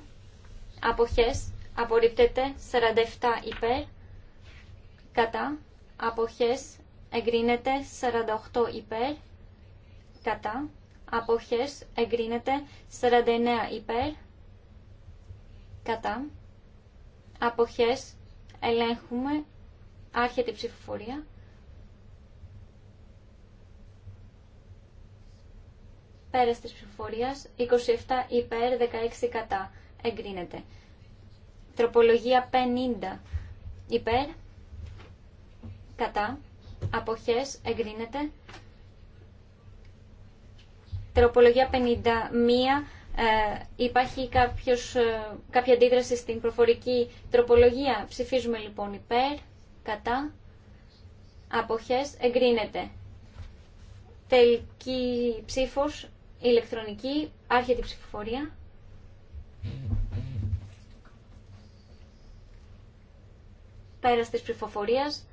αποχές απορρίπτεται 47 υπέρ κατά αποχές εγκρίνεται 48 υπέρ, κατά, αποχές εγκρίνεται 49 υπέρ, κατά, αποχές ελέγχουμε, άρχεται η ψηφοφορία. Πέρας της ψηφοφορίας, 27 υπέρ, 16 κατά, εγκρίνεται. Τροπολογία 50 υπέρ, κατά, αποχές εγκρίνεται. Τροπολογία 51. Ε, υπάρχει κάποιος, ε, κάποια αντίδραση στην προφορική τροπολογία. Ψηφίζουμε λοιπόν υπέρ, κατά, αποχές, εγκρίνεται. Τελική ψήφος, ηλεκτρονική, άρχεται η ψηφοφορία. Πέρας της ψηφοφορίας,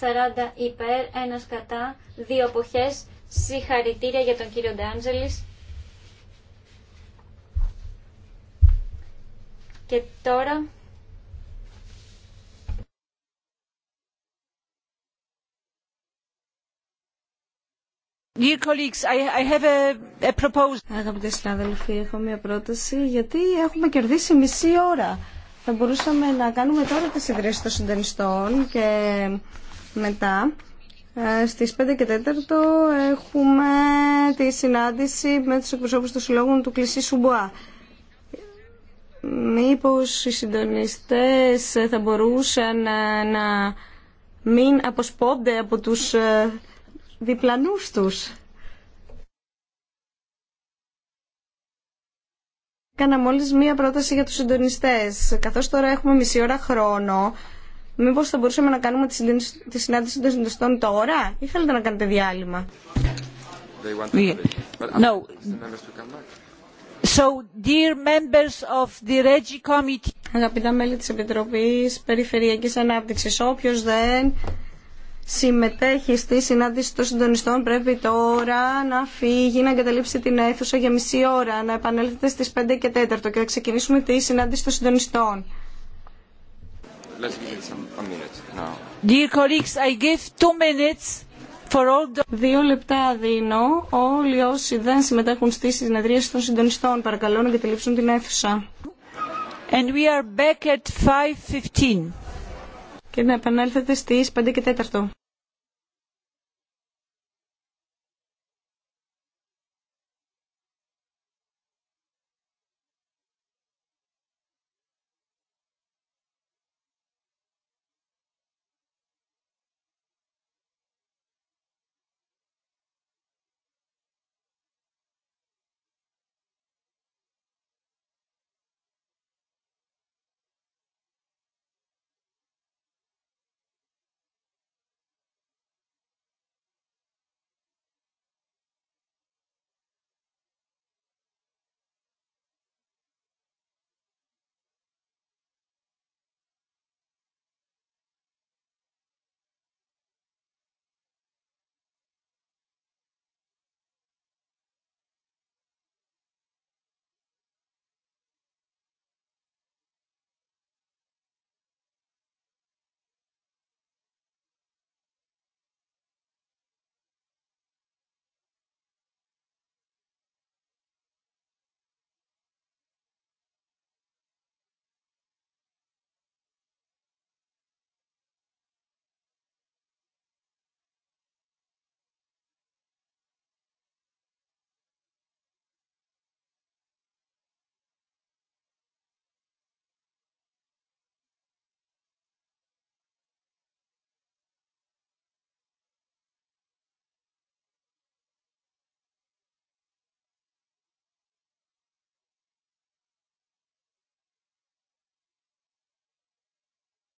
40 υπέρ, 1 κατά, δύο αποχές. Συγχαρητήρια για τον κύριο Ντάντζελης. Και τώρα... Dear colleagues, I have a proposal. Αγαπητοί συνάδελφοι, έχω μια πρόταση, γιατί έχουμε κερδίσει μισή ώρα. Θα μπορούσαμε να κάνουμε τώρα τις ιδρύσεις των συντονιστών και μετά ε, στις 5 και 4 έχουμε τη συνάντηση με τους εκπροσώπους των συλλόγων του Κλεισί Σουμποά. Μήπως οι συντονιστές θα μπορούσαν ε, να μην αποσπώνται από τους ε, διπλανούς τους. Κάνα μόλις μία πρόταση για τους συντονιστές. Καθώς τώρα έχουμε μισή ώρα χρόνο, Μήπω θα μπορούσαμε να κάνουμε τη συνάντηση των συντονιστών τώρα ή θέλετε να κάνετε διάλειμμα. No. So, dear members of the Regi Committee... Αγαπητά μέλη της Επιτροπής Περιφερειακής Ανάπτυξης, όποιος δεν συμμετέχει στη συνάντηση των συντονιστών πρέπει τώρα να φύγει, να εγκαταλείψει την αίθουσα για μισή ώρα, να επανέλθετε στις 5 και 4 και να ξεκινήσουμε τη συνάντηση των συντονιστών. Δύο λεπτά δίνω. Όλοι όσοι δεν συμμετέχουν στις συνεδρίες των συντονιστών παρακαλώ να καταλήψουν την αίθουσα. Και να επανέλθετε στις 5 και 4.